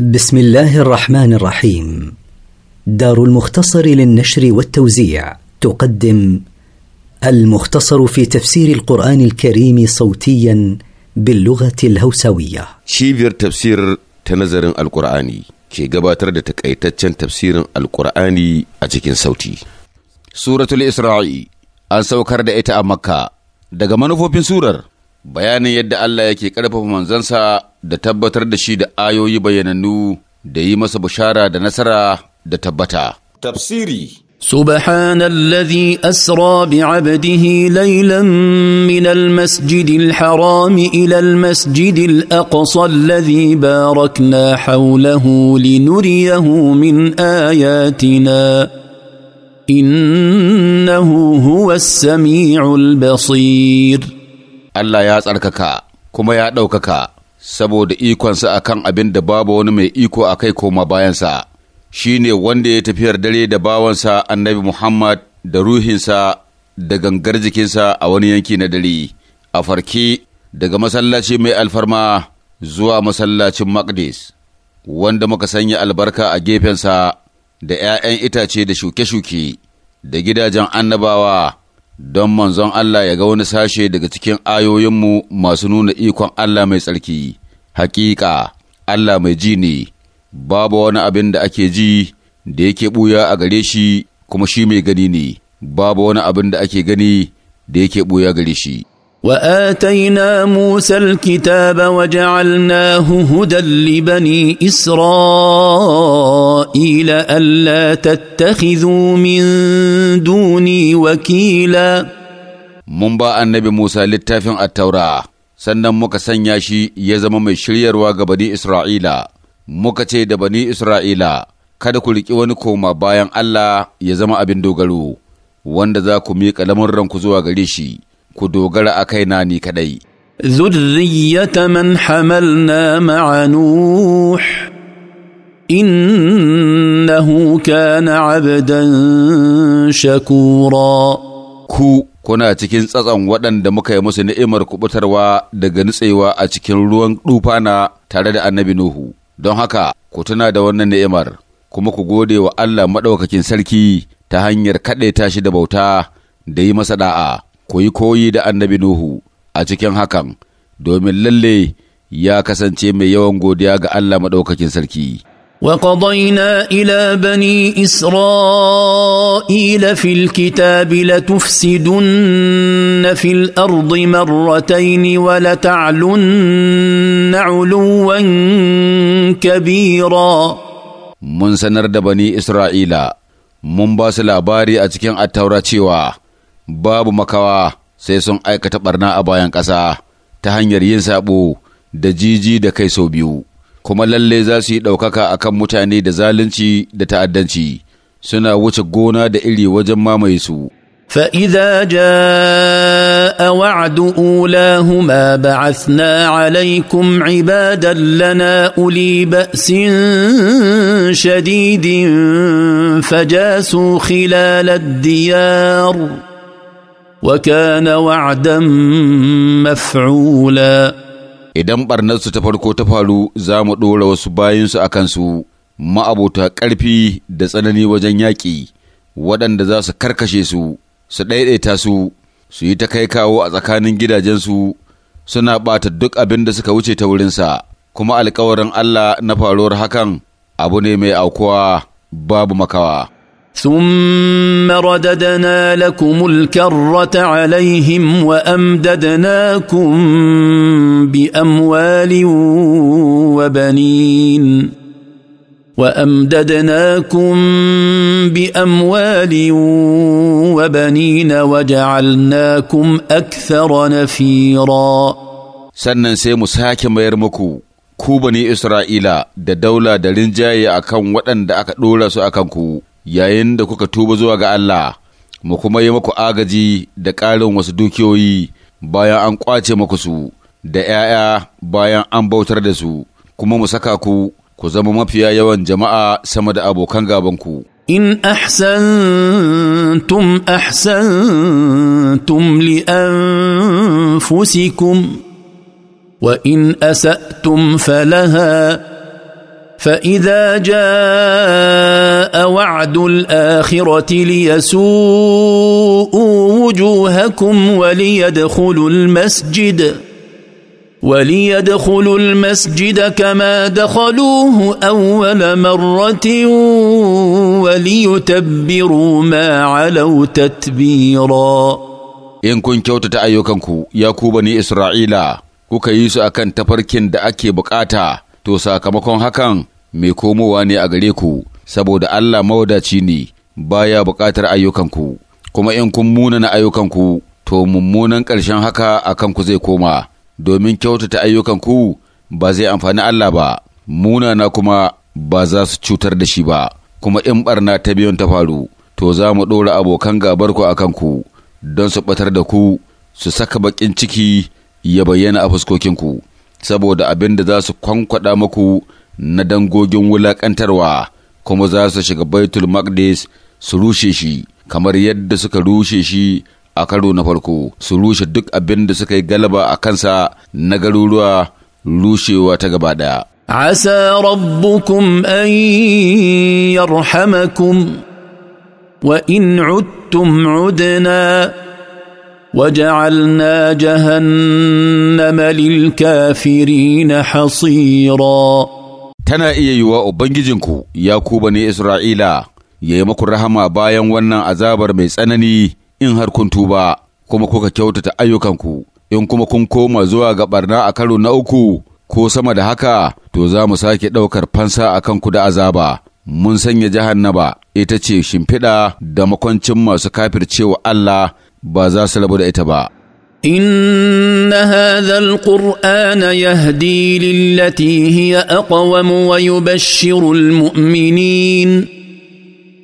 بسم الله الرحمن الرحيم دار المختصر للنشر والتوزيع تقدم المختصر في تفسير القرآن الكريم صوتيا باللغة الهوسوية شيفير تفسير تنظر القرآني كي قباتر تكأيتتشن تفسير القرآني أجيكين صوتي سورة الإسرائي أنسو أسوكر دائتا مكة daga manufofin سورر bayanin yadda Allah yake ƙarfafa manzansa da tabbatar da shi da ayoyi bayanannu da yi masa bushara da nasara da tabbata. Tafsiri سبحان الذي اسرى بعبده ليلا من المسجد الحرام الى المسجد الاقصى الذي باركنا حوله لنريه من اياتنا انه هو السميع البصير Allah ya tsarkaka kuma ya ɗaukaka saboda ikonsa a kan abin da babu wani mai iko a kai koma bayansa shi ne wanda ya tafiyar dare da bawansa annabi Muhammad da ruhinsa da gangar jikinsa a wani yanki na dare a farki daga masallaci mai alfarma zuwa masallacin Maqdis wanda muka sanya albarka a gefensa da ‘ya'yan itace da shuke-shuke da gidajen annabawa. don manzon Allah ya ga wani sashe daga cikin ayoyinmu masu nuna ikon Allah mai tsarki, hakika Allah mai ji ne, babu wani abin da ake ji da yake ɓuya a gare shi kuma shi mai gani ne, babu wani abin da ake gani da yake ɓuya gare shi. واتينا موسى الكتاب وجعلناه هدى لبني اسرائيل الا تتخذوا من دوني وكيلا mun ba annabi Musa littafin attaura sannan muka sanya shi ya zama mai shiryarwa ga bani Isra'ila muka ce da bani Isra'ila kada ku riƙi wani koma bayan Allah ya zama abin dogaro wanda za ku miƙa lamurranku zuwa gare shi ku dogara a kaina ni kaɗai. Zurriyata man hamalna ma'a Nuh, innahu kana abdan shakura. Ku kuna cikin tsatson waɗanda muka yi musu ni'imar kubutarwa daga nutsewa a cikin ruwan ɗufana tare da annabi Nuhu, don haka ku tuna da wannan ni'imar, kuma ku gode wa Allah maɗaukakin sarki ta hanyar kaɗaita tashi da bauta da yi masa ɗa'a. ku koyi da annabi Nuhu a cikin hakan, domin lalle ya kasance mai yawan godiya ga Allah maɗaukakin sarki. وقضينا الى بني اسرائيل في الكتاب لتفسدن في الارض مرتين ولتعلن علوا كبيرا mun sanar da bani isra'ila mun ba su labari a cikin attaura cewa babu makawa sai sun aikata barna a bayan ƙasa ta hanyar yin saɓo da jiji da kai sau biyu, kuma lalle za su yi ɗaukaka a kan mutane da zalunci da ta'addanci, suna wuce gona da iri wajen mamaye su. فإذا جاء وعد أولاهما بعثنا عليكم عبادا لنا أولي بأس شديد فجاسوا خلال الديار وكان وعدا مفعولا idan ɓarnarsu ta farko ta faru za mu ɗora wasu bayansu a kansu ma'abota ƙarfi da tsanani wajen yaƙi waɗanda za su karkashe su su ɗaiɗaita su su yi ta kai kawo a tsakanin gidajensu suna ɓata duk abin da suka wuce ta wurinsa kuma alkawarin Allah na faruwar hakan abu ne mai aukuwa babu makawa. ثم رددنا لكم الكره عليهم وامددناكم باموال وبنين وامددناكم باموال وبنين وجعلناكم اكثر نفيرا sannan sai mu sake mayar muku ku bani isra'ila da daula da rinjaye akan waɗanda aka ɗora su akan ku yayin da kuka tuba zuwa ga Allah mu kuma yi muku agaji da ƙarin wasu dukiyoyi bayan an ƙwace muku su da ‘ya'ya bayan an bautar da su kuma mu saka ku ku zama mafiya yawan jama'a sama da abokan gabanku. In ahsantum li أحسنتم wa in asatum falaha فاذا جاء وعد الاخره ليسوءوا وجوهكم وليدخلوا المسجد وليدخلوا المسجد كما دخلوه اول مره وليتبروا ما علوا تتبيرا ان كنت kyautata ayyukanku ya إسرائيل bani isra'ila kuka yi su akan tafarkin da ake bukata mai komowa ne a gare ku saboda Allah mawadaci ne baya buƙatar ayyukanku kuma in kun muna na ayyukanku to mummunan ƙarshen haka a kanku zai koma domin kyautata ayyukanku ba zai amfani Allah ba Muna na kuma ba za su cutar da shi ba kuma in barna ta biyun ta faru to za mu ɗora abokan gabarku a kanku don su ɓatar da ku su saka baƙin ciki ya bayyana a fuskokinku saboda abin da za su kwankwada muku na dangogin wulaƙantarwa kuma za su shiga baitul maqdis su rushe shi kamar yadda suka rushe shi a karo na farko su rushe duk abin da suka yi galaba a kansa na garuruwa rushewa ta gaba ɗaya. rabbukum ربكم ان يرحمكم وان عدتم عدنا وجعلنا جهنم للكافرين hasiro. tana iya yiwa Ubangijinku, ya ku ne Isra'ila, ya yi maku rahama bayan wannan azabar mai tsanani in har kun tuba, kuma kuka kyautata ayyukanku, in kuma kun koma zuwa ga barna a karo na uku ko sama da haka, to za mu sake ɗaukar fansa a kanku da azaba. Mun sanya jahannaba ita ce shimfiɗa da makwancin masu kafircewa Allah ba za su rabu da ita ba. ان هذا القران يهدي للتي هي اقوم ويبشر المؤمنين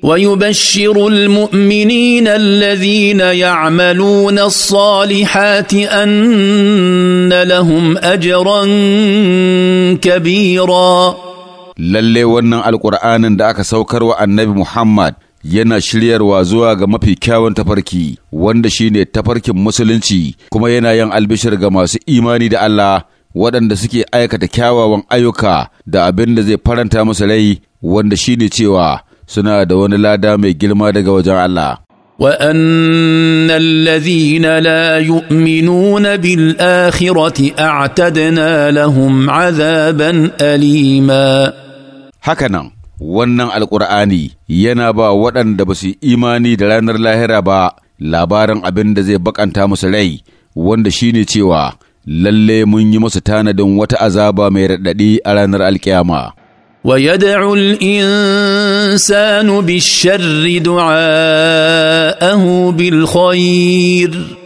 ويبشر المؤمنين الذين يعملون الصالحات ان لهم اجرا كبيرا للي wannan القران da سوكر saukar wa مُحَمَّدٍ yana shiryarwa zuwa ga mafi kyawun tafarki wanda shine tafarkin musulunci kuma yana yin albishir ga masu imani da Allah waɗanda suke aikata kyawawan ayyuka da abin da zai faranta musu rai wanda shine cewa suna da wani lada mai girma daga wajen Allah وان الذين لا يؤمنون بالاخره اعتدنا لهم عذابا اليما hakanan wannan alkur'ani yana ba waɗanda ba su imani da ranar lahira ba labarin abin da zai bakanta musu rai wanda shine cewa lalle mun yi musu tanadin wata azaba mai raɗaɗi a ranar alkiyama. ويدعو الانسان بالشر دعاءه بالخير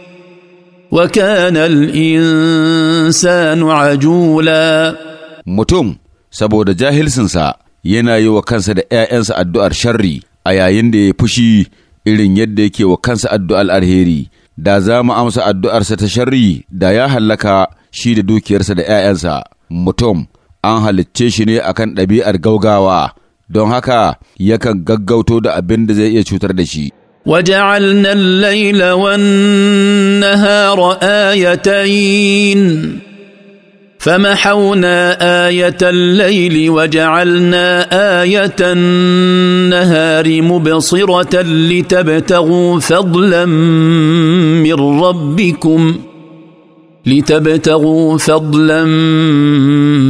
وكان الانسان عجولا mutum saboda jahilsinsa. yana yi wa kansa da ‘ya'yansa addu'ar sharri a yayin da ya fushi irin yadda yake wa kansa addu'ar alheri, da za mu amsa addu'arsa ta sharri da ya hallaka shi da dukiyarsa da ‘ya'yansa. Mutum, an halicce shi ne akan ɗabi'ar gaugawa, don haka yakan gaggauto da abin da zai iya cutar da shi. وجعلنا فمحونا ايه الليل وجعلنا ايه النهار مبصره لتبتغوا فضلا من ربكم لتبتغوا فضلا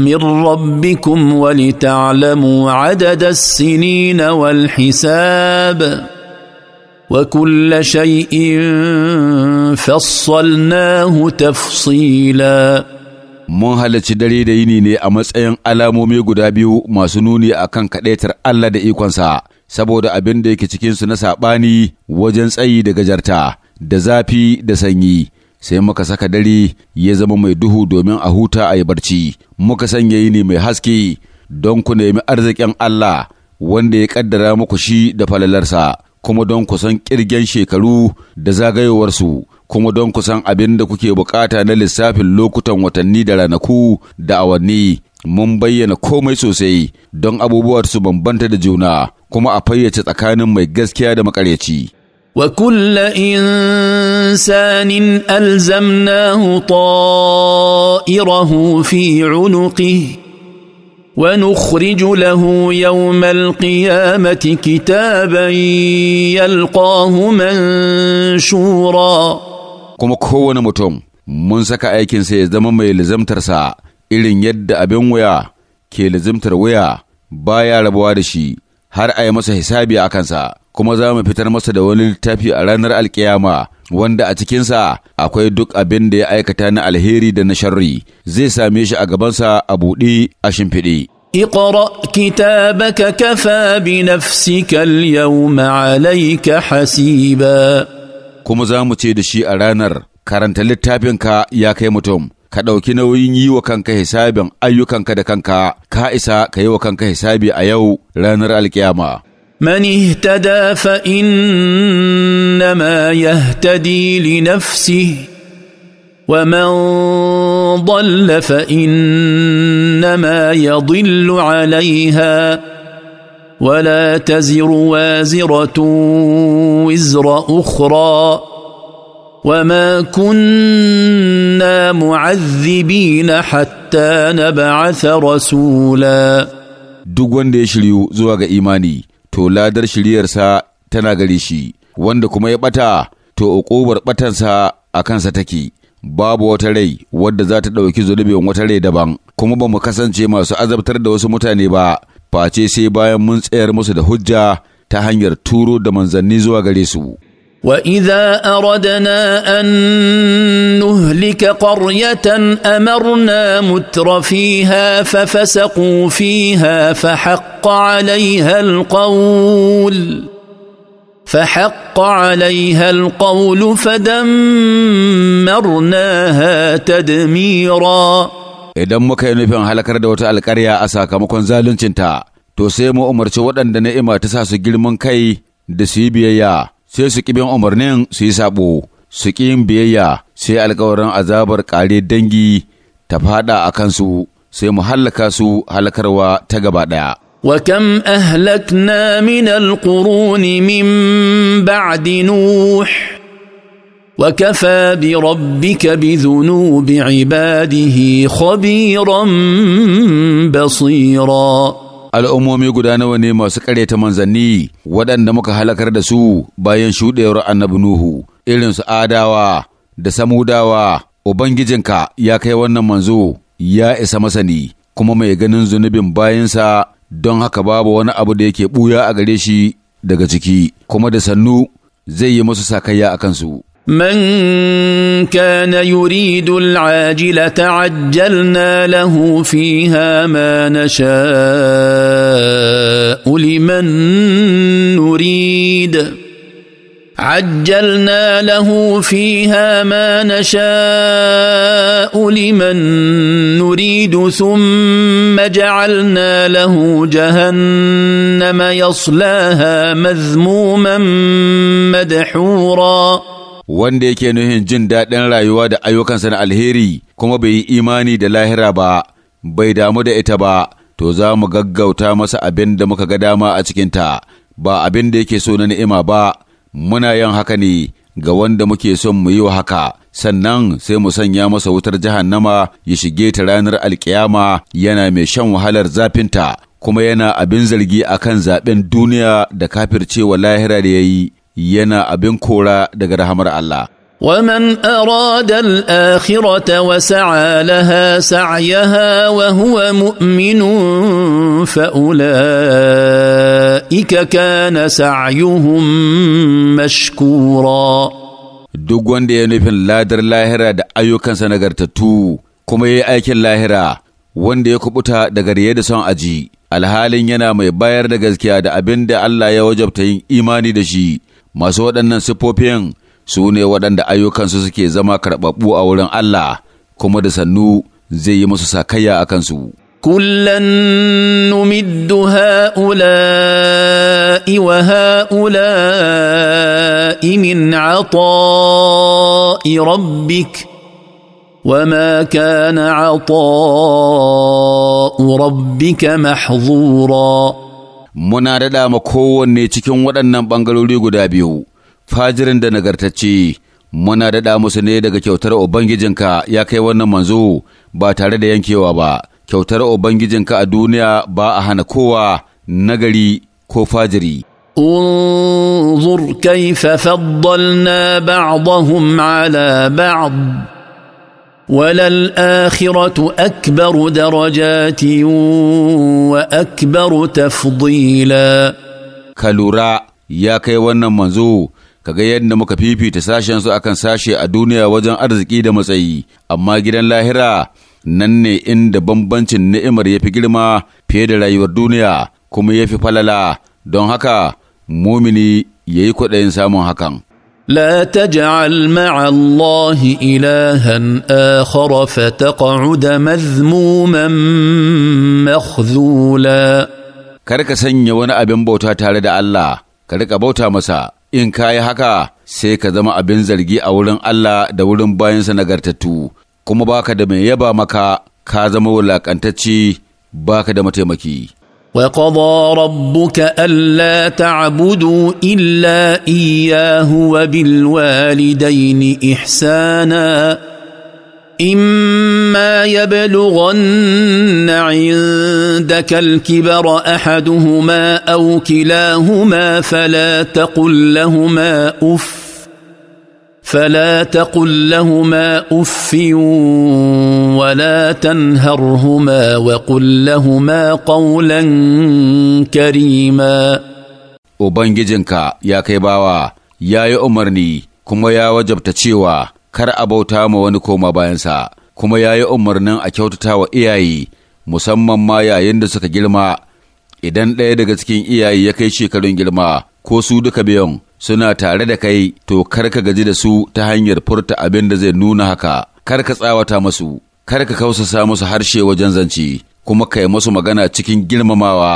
من ربكم ولتعلموا عدد السنين والحساب وكل شيء فصلناه تفصيلاً mun halarci dare da yini ne a matsayin alamomi guda biyu masu nuni a kan kaɗaitar Allah da ikonsa, saboda abin da yake cikinsu na saɓani wajen tsayi da gajarta, da zafi da sanyi. Sai muka saka dare ya zama mai duhu domin a huta a yi barci, muka sanya yini mai haske don ku nemi arzikin Allah wanda ya ƙaddara muku shi da falalarsa, kuma don ku san ƙirgen shekaru da zagayowarsu. kuma don kusan abin da kuke bukata na lissafin lokutan watanni da ranaku da awanni mun bayyana komai sosai don abubuwa su bambanta da juna kuma a fayyace tsakanin mai gaskiya da makaryaci. وكل انسان الزمناه طائره في عنقه ونخرج له يوم القيامه كتابا يلقاه منشورا kuma kowane mutum mun saka aikinsa ya zama mai lizamtarsa irin yadda abin wuya ke lizimtar wuya baya rabuwa da shi har a yi masa hisabi a kansa kuma za mu fitar masa da wani littafi a ranar alkiyama wanda a cikinsa akwai duk abin da ya aikata na alheri da na sharri zai same shi a gabansa a buɗe a shimfiɗe. اقرا كتابك كفى بنفسك اليوم عليك حسيبا kuma za mu ce da shi a ranar, karanta littafinka ya kai mutum, ka ɗauki nauyin yi wa kanka hisabin ayyukanka da kanka, ka isa ka yi wa kanka hisabi a yau ranar alkiyama. yahtadi li nafsi wa man ومن ضل ya يضل عليها ولا تزر وازره وزر اخرى وما كنا معذبين حتى نبعث رسولا duk wanda ya shiryu zuwa ga imani to ladar shiryarsa tana gare shi wanda kuma ya ɓata to uƙubar ɓatansa a kansa take babu wata rai wadda za ta ɗauki zunubin wata rai daban kuma ba mu kasance masu azabtar da wasu mutane ba face sai bayan mun tsayar musu da hujja ta hanyar turo da manzanni zuwa gare su. واذا اردنا ان نهلك قريه امرنا متر فيها ففسقوا فيها فحق عليها القول فحق عليها القول فدمرناها تدميرا idan muka yi nufin halakar da wata alkarya a sakamakon zaluncinta, to sai mu umarci waɗanda ni'ima ta sa su girman kai da su yi biyayya, sai su ƙibin umarnin su yi saɓo, su ƙi yin biyayya, sai alkawarin azabar ƙare dangi ta faɗa a kansu, sai mu hallaka su halakarwa ta gaba ɗaya. وكم أهلكنا من القرون من بعد نوح وكفى بربك بذنوب عباده خبيرا بصيرا al'ummomi guda nawa ne masu ƙaryata manzanni waɗanda muka halakar da su bayan shuɗewar annabi Nuhu, irinsu adawa da samudawa, Ubangijinka ya kai wannan manzo ya isa masani, kuma mai ganin zunubin bayansa don haka babu wani abu da yake ɓuya a gare shi daga ciki, kuma da sannu zai yi masu sakayya a kansu. من كان يريد العاجله عجلنا له فيها ما نشاء لمن نريد عجلنا له فيها ما نشاء لمن نريد ثم جعلنا له جهنم يصلاها مذموما مدحورا wanda yake nuhin jin daɗin rayuwa da ayyukansa na alheri kuma bai yi imani da lahira ba bai damu da ita ba to za mu gaggauta masa abin da muka ga dama a cikinta ba abin da yake so na ni'ima ba muna yin haka ne ga wanda muke son mu yi wa haka sannan sai mu sanya masa wutar jahannama ya shige ta ranar alkiyama yana mai shan wahalar zafinta kuma yana abin zargi akan zaben duniya da kafircewa lahira da ya yi yana abin kora daga rahamar Allah. ومن أراد الآخرة وسعى لها سعيها وهو مؤمن فأولئك كان سعيهم مشكورا duk wanda ya nufin ladar lahira da ayyukansa na nagartattu kuma ya yi aikin lahira wanda ya kubuta daga riye da son aji alhalin yana mai bayar da gaskiya da abin da Allah ya wajabta yin imani da shi masu waɗannan siffofin su ne waɗanda ayyukansu suke zama karɓaɓɓu a wurin Allah kuma da sannu zai yi musu sakayya a kansu. numiddu نمد هؤلاء وهؤلاء من عطاء ربك وما كان عطاء ربك mahzura. muna daɗa ma kowanne cikin waɗannan ɓangarori guda biyu, fajirin da nagartacce, muna daɗa musu ne daga kyautar Ubangijinka ya kai wannan manzo ba tare da yankewa ba, kyautar Ubangijinka a duniya ba a hana kowa nagari ko fajiri. انظر كيف فضلنا بعضهم على بعض وللآخرة wa درجات وأكبر تفضيلا كالورا يا kai wannan manzo kaga yadda muka fifita sashen su akan sashe a duniya wajen arziki da matsayi amma gidan lahira nan ne inda bambancin ni'imar yafi girma fiye da rayuwar duniya kuma yafi falala don haka mumini yayi kwaɗayin samun hakan لا تجعل مع الله الها اخر فتقعد مذموما مخذولا kar ka sanya wani abin bauta tare da Allah ka rika bauta masa in ka yi haka sai ka zama abin zargi a wurin Allah da wurin bayansa nagartattu kuma baka da mai yaba maka ka zama wulakantacci baka da mataimaki وقضى ربك الا تعبدوا الا اياه وبالوالدين احسانا اما يبلغن عندك الكبر احدهما او كلاهما فلا تقل لهما اف فلا تقل لهما اف ولا تنهرهما وقل لهما قولا كريما Ubangijinka ya kai bawa, ya yi umarni kuma ya wajabta cewa kar a bauta ma wani koma bayansa, kuma ya yi umarnin a kyautata wa iyaye, musamman ma yayin da suka girma, idan ɗaya daga cikin iyaye ya kai shekarun girma ko su duka biyun. suna tare da kai to kar ka gaji da su ta hanyar furta abin da zai nuna haka kar ka tsawata masu kar ka kausasa musu harshe wajen zance kuma kai musu magana cikin girmamawa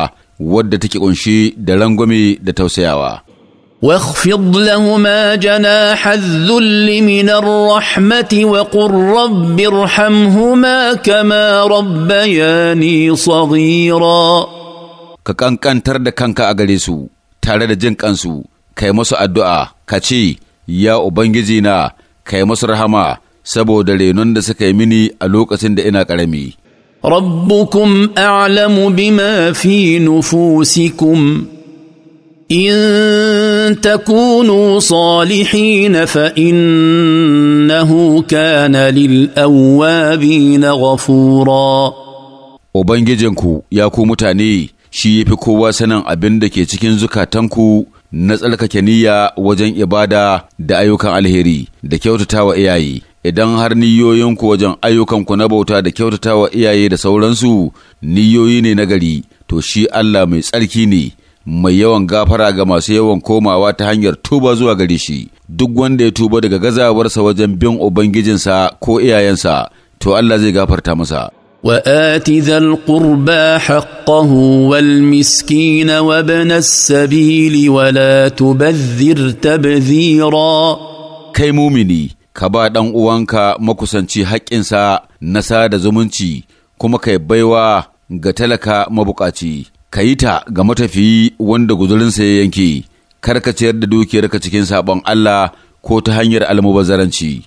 wadda take kunshi da rangwame da tausayawa واخفض لهما جناح الذل من الرحمة وقل رب ارحمهما كما ربياني صغيرا ككان كان ترد tare da ترد kai musu addu'a, ka ce, Ya Ubangiji na, kai musu rahama, saboda renon da suka yi mini a lokacin da ina ƙarami. ربكم اعلم بما في نفوسكم ان تكونوا صالحين kana كان na gafura ubangijinku ya ku mutane shi ya fi kowa sanin abin da ke cikin zukatanku na tsarkake niyya wajen ibada da ayyukan alheri da kyautatawa iyaye idan har niyoyinku wajen ayyukanku na bauta da kyautatawa iyaye da sauransu niyoyi ne na gari to shi Allah mai tsarki ne mai yawan gafara ga masu yawan komawa ta hanyar tuba zuwa gari shi duk wanda ya tuba daga gazawarsa wajen bin ubangijinsa ko iyayensa to Allah zai gafarta masa وات ذا القربى حقه والمسكين وابن السبيل ولا تبذر تبذيرا kai mumini ka ba ɗan uwanka makusanci haƙƙinsa na sada zumunci kuma kai baiwa ga talaka mabuƙaci. ka yi ta ga matafiyi wanda guzurinsa ya yanke Kar ka ciyar da dukiyarka cikin saɓon Allah ko ta hanyar almubazzaranci.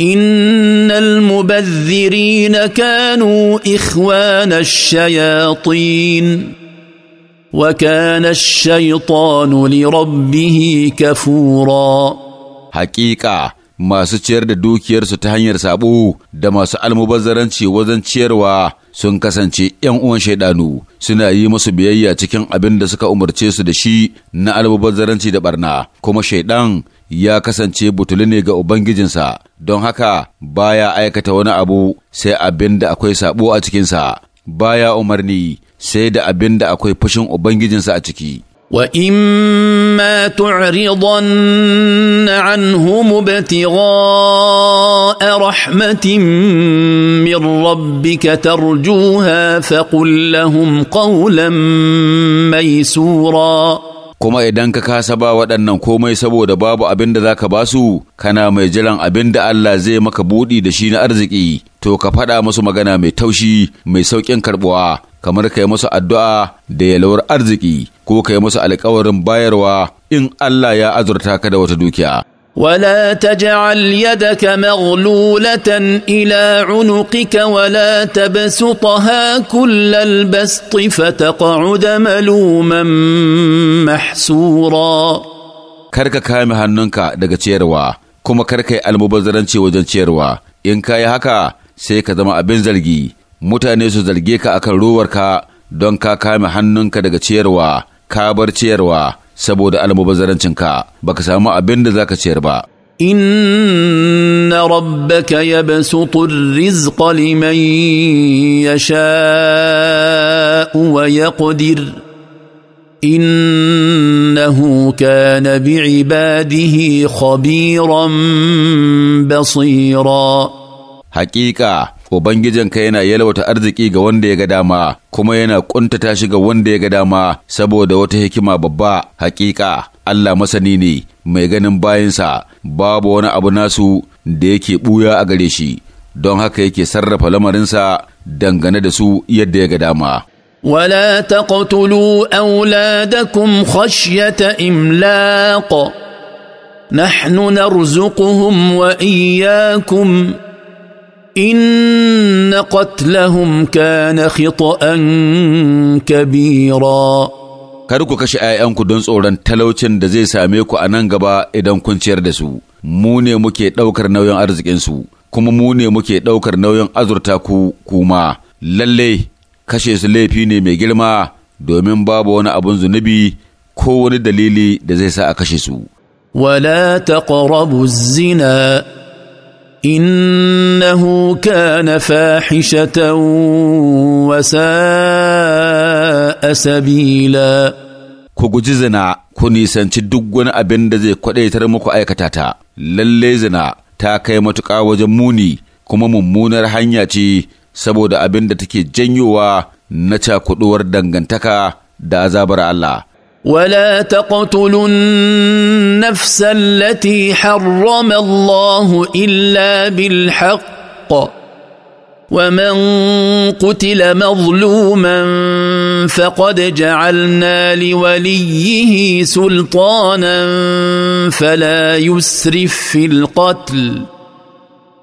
ان المبذرين كانوا اخوان الشياطين وكان الشيطان لربه كفورا حقيقه masu ciyar da dukiyarsu ta hanyar sabo da masu almubazzaranci wajen ciyarwa sun kasance ‘yan uwan shaidanu suna yi musu biyayya cikin abin da suka umarce su da shi na almubazzaranci da barna kuma shaidan ya kasance butuli ne ga Ubangijinsa, don haka baya aikata wani abu sai abin da akwai sabo a cikinsa, baya umarni sai da abin da akwai fushin Ubangijinsa a ciki. واما تعرضن عنهم ابتغاء رحمه من ربك ترجوها فقل لهم قولا ميسورا kuma idan ka kasa ba waɗannan komai saboda babu abin da za ka ba su kana mai jiran abin da Allah zai maka buɗi da shi na arziki to ka faɗa musu magana mai taushi mai sauƙin karɓuwa kamar ka yi musu addu'a da yalwar arziki ko ka yi musu alƙawarin bayarwa in Allah ya azurta ka da wata dukiya. Wala ta ولا تجعل يدك مغلوله الى عنقك ولا تبسطها كل البسط فتقعد ملوما Kar ka kame hannunka daga ciyarwa kuma kar ka yi almubazzaranci wajen ciyarwa in ka yi haka sai ka zama abin zargi mutane su zarge ka akan ruwarka don ka kame hannunka daga ciyarwa ka bar ciyarwa saboda almubazzarancinka baka samu abin da zaka ciyar ba ان ربك يبسط الرزق لمن يشاء ويقدر انه كان بعباده خبيرا بصيرا حقيقه Ubangijinka yana yalwata arziki ga wanda ya ga dama, kuma yana ƙuntata shi ga wanda ya ga dama saboda wata hikima babba hakika Allah masani ne mai ganin bayansa babu wani abu nasu da yake ɓuya a gare shi, don haka yake sarrafa lamarinsa dangane da su yadda ya ga dama. ولا تقتلوا أولادكم خشية إملاق نحن نرزقهم وإياكم ان قتلهم كان خطا كبيرا kar ku kashe ‘ya'yanku don tsoron talaucin da zai same ku a nan gaba idan kun ciyar da su, mu ne muke ɗaukar nauyin arzikinsu, kuma mu ne muke ɗaukar nauyin azurta ku kuma, lalle kashe su laifi ne mai girma domin babu wani abin zunubi ko wani dalili da zai sa a kashe su. Wala taqrabu zina انه كان فاحشه وساء سبيلا ku guji zina ku nisanci duk wani abin da zai kwadaitar muku aikata ta lalle zina ta kai matuƙa wajen muni kuma mummunar hanya ce saboda abin da take janyowa na cakuɗuwar dangantaka da azabar Allah ولا تقتلوا النفس التي حرم الله الا بالحق ومن قتل مظلوما فقد جعلنا لوليه سلطانا فلا يسرف في القتل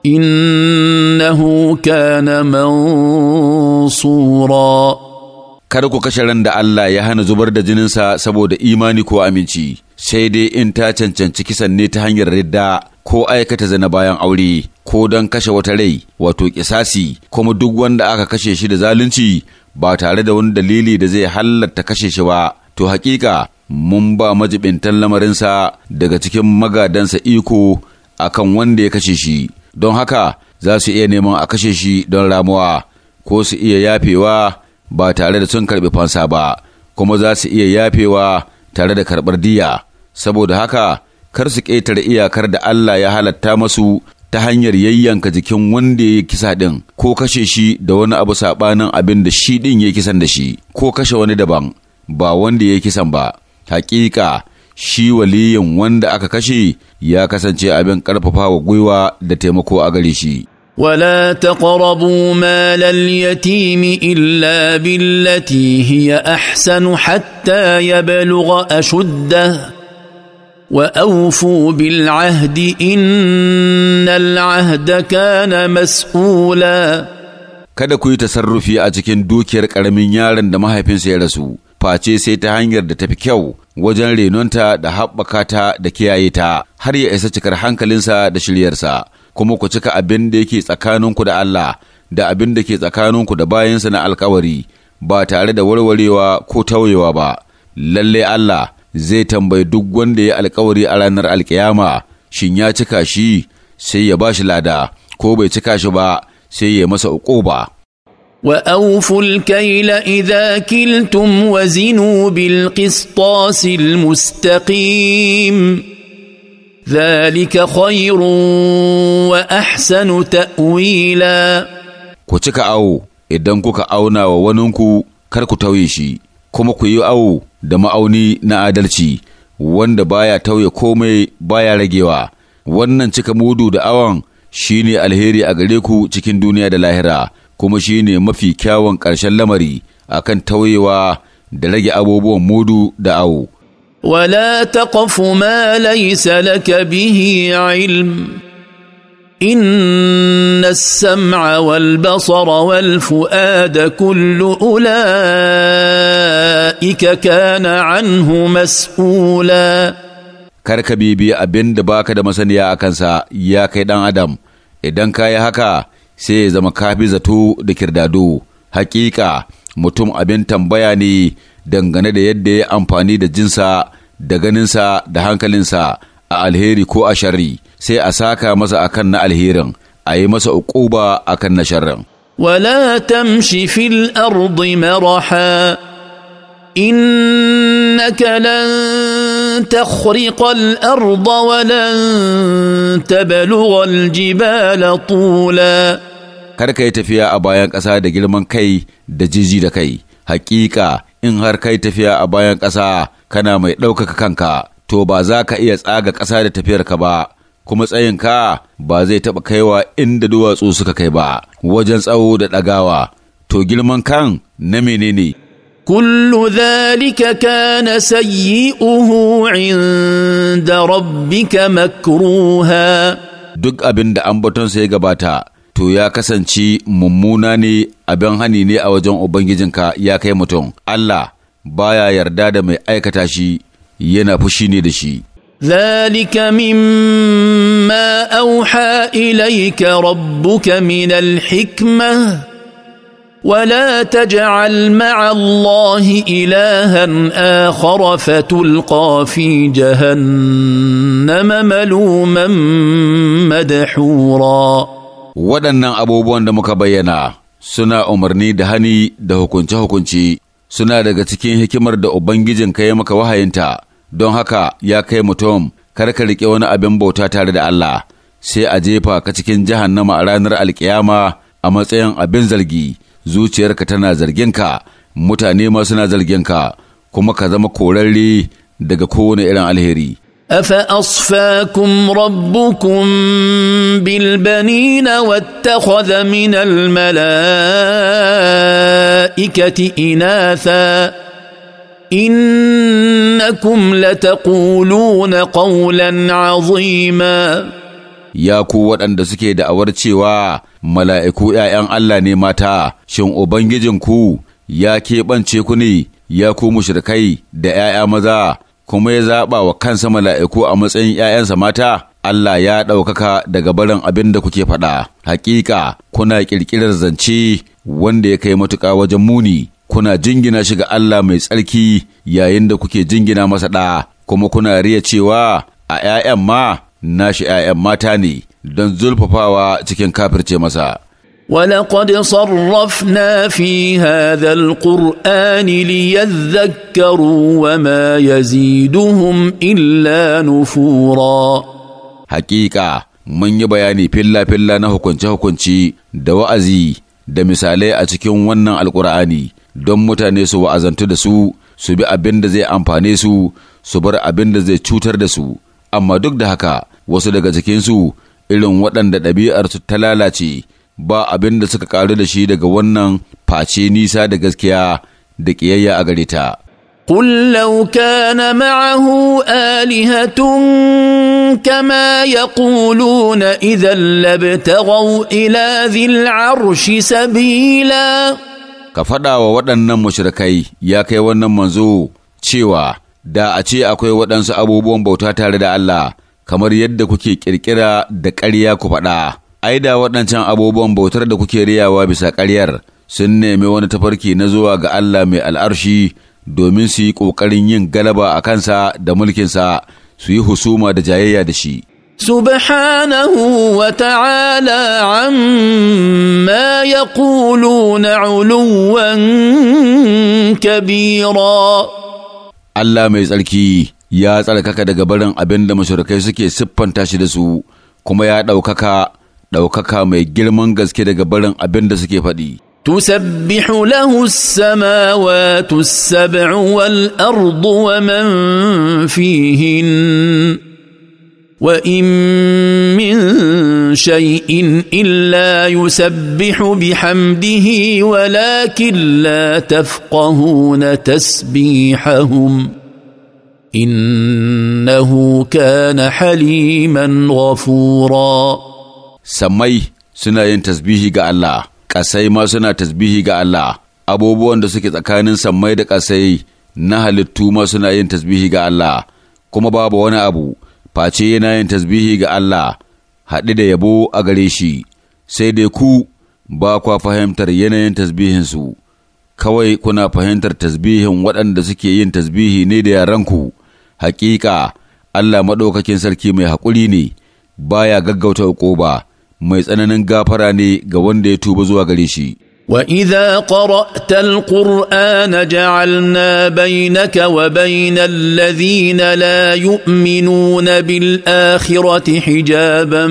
انه كان منصورا kada ku kashe ran da Allah ya hana zubar da jininsa saboda imani ko aminci, sai dai in ta cancanci kisan ne ta hanyar ridda ko aikata zana bayan aure ko don kashe wata rai wato kisasi kuma duk wanda aka kashe shi da zalunci ba tare da wani dalili da zai halatta kashe shi ba, to hakika mun ba majibintan lamarinsa daga cikin magadansa iko akan wanda ya kashe shi, don haka za su iya neman a kashe shi don ramuwa ko su iya yafewa. ba tare da sun karɓi fansa ba kuma za su iya yafewa tare da karɓar diya saboda haka kar su ƙetare iyakar da Allah ya halatta masu ta hanyar yayyanka jikin wanda ya kisa ɗin ko kashe shi da wani abu saɓanin abin da shi ɗin ya kisan da shi ko kashe wani daban ba wanda ya kisan ba haƙiƙa shi waliyin wanda aka kashe ya kasance abin ƙarfafa wa gwiwa da taimako a gare shi. ولا تقربوا مال اليتيم الا بالتي هي احسن حتى يبلغ اشده واوفوا بالعهد ان العهد كان مسؤولا kada ku yi tasarrufi a cikin dukiyar ƙaramin yaron da mahaifinsa ya rasu face sai ta hanyar da tafi kyau wajen renonta da haɓakata ta da kiyaye ta har ya isa cikar hankalinsa da shiryarsa kuma ku cika abin da yake tsakaninku da Allah da abin da ke tsakaninku da bayansa na alkawari ba tare da warwarewa ko tauyewa ba lalle Allah zai tambayi duk wanda ya alkawari a ranar alkiyama shin ya cika shi sai ya bashi lada ko bai cika shi ba sai ya masa uquba وأوفوا الكيل إذا كلتم وزنوا بالقسطاس المستقيم ذلك خير وأحسن تأويلا ku cika awo idan kuka auna wa waninku kar ku tauye shi kuma ku yi awo da ma'auni na adalci wanda baya tauye komai baya ragewa wannan cika mudu da awon shine alheri a gare ku cikin duniya da lahira kuma shine mafi kyawun ƙarshen lamari akan tauyewa da rage abubuwan mudu da awo ولا تقف ما ليس لك به علم ان السمع والبصر والفؤاد كل اولئك كان عنه مسؤولا karka bibi abin da baka da masaniya a kansa ya kai ɗan adam idan ka yi haka sai ya zama kafi zato da kirdado hakika mutum abin tambaya ne dangane da yadda ya amfani da jinsa da ganinsa da hankalinsa a alheri ko a sharri sai a saka masa akan na alherin a yi masa uquba akan na sharrin ولا تمش في الارض مرحا انك لن تخرق الارض ولن تبلغ الجبال طولا karka yi tafiya a bayan ƙasa da girman kai da jiji da kai haƙiƙa. in har kai tafiya a bayan ƙasa kana mai ɗaukaka kanka, to ba za ka iya tsaga ƙasa da tafiyarka ba, kuma tsayinka ba zai taɓa kaiwa inda duwatsu suka kai ba, wajen tsawo da ɗagawa, to girman kan na menene. كل ذلك كان سيئه عند ربك مكروها duk abin da batunsa ya gabata to ya kasance mummuna ne abin hani ne a wajen Ubangijinka ya kai mutum, Allah baya yarda da mai aikata shi yana fushi ne da shi. ذلك مما اوحى اليك ربك من الحكمه ولا تجعل مع الله الها اخر فتلقى في جهنم ملوما مدحورا waɗannan abubuwan da muka bayyana suna umarni da hani da hukunce-hukunce, suna daga cikin hikimar da Ubangijin ka ya maka wahayinta, don haka ya kai mutum, kar ka riƙe wani abin bauta tare da Allah, sai a jefa ka cikin jahannama a ranar alkiyama a matsayin abin zargi, zuciyarka tana zargin ka, mutane ma suna ka, kuma ka zama korarre daga kowane irin alheri. افاصفاكم ربكم بالبنين واتخذ من الملائكه اناثا انكم لتقولون قولا عظيما ya ku waɗanda suke da'awar cewa mala'iku ’ya'yan Allah ne mata, shin Ubangijinku ya keɓance ku ne, ya ku mushrikai da ’ya'ya maza, kuma ya zaɓa wa kansa mala'iku a matsayin ‘ya'yansa mata, Allah ya ɗaukaka daga barin abin da kuke faɗa. Hakika, kuna ƙirƙirar zance wanda ya kai matuƙa wajen muni, kuna jingina shi ga Allah mai tsarki yayin da kuke jingina masa ɗa, kuma kuna riya cewa a ‘ya'yan ma, nashi ‘ya'yan mata ne, don zulfafawa cikin kafirce masa. ولقد صرفنا في هذا القران ليذكروا وما يزيدهم الا نفورا حقيقه mun yi bayani filla-filla na hukunce-hukunci da da misalai a cikin wannan alkur'ani don mutane su wa'azantu da su su bi abin da zai amfane su su bar abin da zai cutar da su amma duk da haka wasu daga cikinsu irin waɗanda ɗabi'arsu ta lalace ba abin da suka karu da shi daga wannan face nisa da gaskiya da ƙiyayya a gare ta. Kullau ka na ma'ahu alihatun kama ya ƙulu na idan labta gau ila zil'ar shi sabila. Ka faɗawa waɗannan mashirkai ya kai wannan manzo cewa da a ce akwai waɗansu abubuwan bauta tare da Allah kamar yadda kuke ƙirƙira da ƙarya ku faɗa. ai da waɗancan abubuwan bautar da kuke riyawa bisa ƙaryar sun nemi wani tafarki na zuwa ga Allah mai al'arshi domin su yi ƙoƙarin yin galaba a kansa da mulkinsa su yi husuma da jayayya da shi. Subhanahu wa ta'ala amma ya na uluwan kabira. Allah mai tsarki ya tsarkaka daga barin abin da mashirkai suke siffanta shi da su, kuma ya ɗaukaka ɗaukaka mai girman gaske daga barin abin da suke faɗi. تسبح له السماوات السبع والارض ومن فيهن وان من شيء الا يسبح بحمده ولكن لا تفقهون تسبيحهم انه كان حليما غفورا sammai suna yin tasbihi ga Allah ƙasai ma suna tasbihi ga Allah abubuwan da suke tsakanin sammai da ƙasai na halittu ma suna yin tasbihi ga Allah kuma babu wani abu face yana yin tasbihi ga Allah haɗe da yabo a gare shi sai dai ku ba kwa fahimtar yanayin tasbihinsu kawai kuna fahimtar tasbihin waɗanda suke yin tasbihi ne da yaranku Haƙiƙa. Allah maɗaukakin sarki mai haƙuri ne baya gaggauta uku ba mai tsananin gafara ne ga wanda ya tuba zuwa gare shi. واذا قرات القران جعلنا بينك وبين الذين لا يؤمنون بالاخره حجابا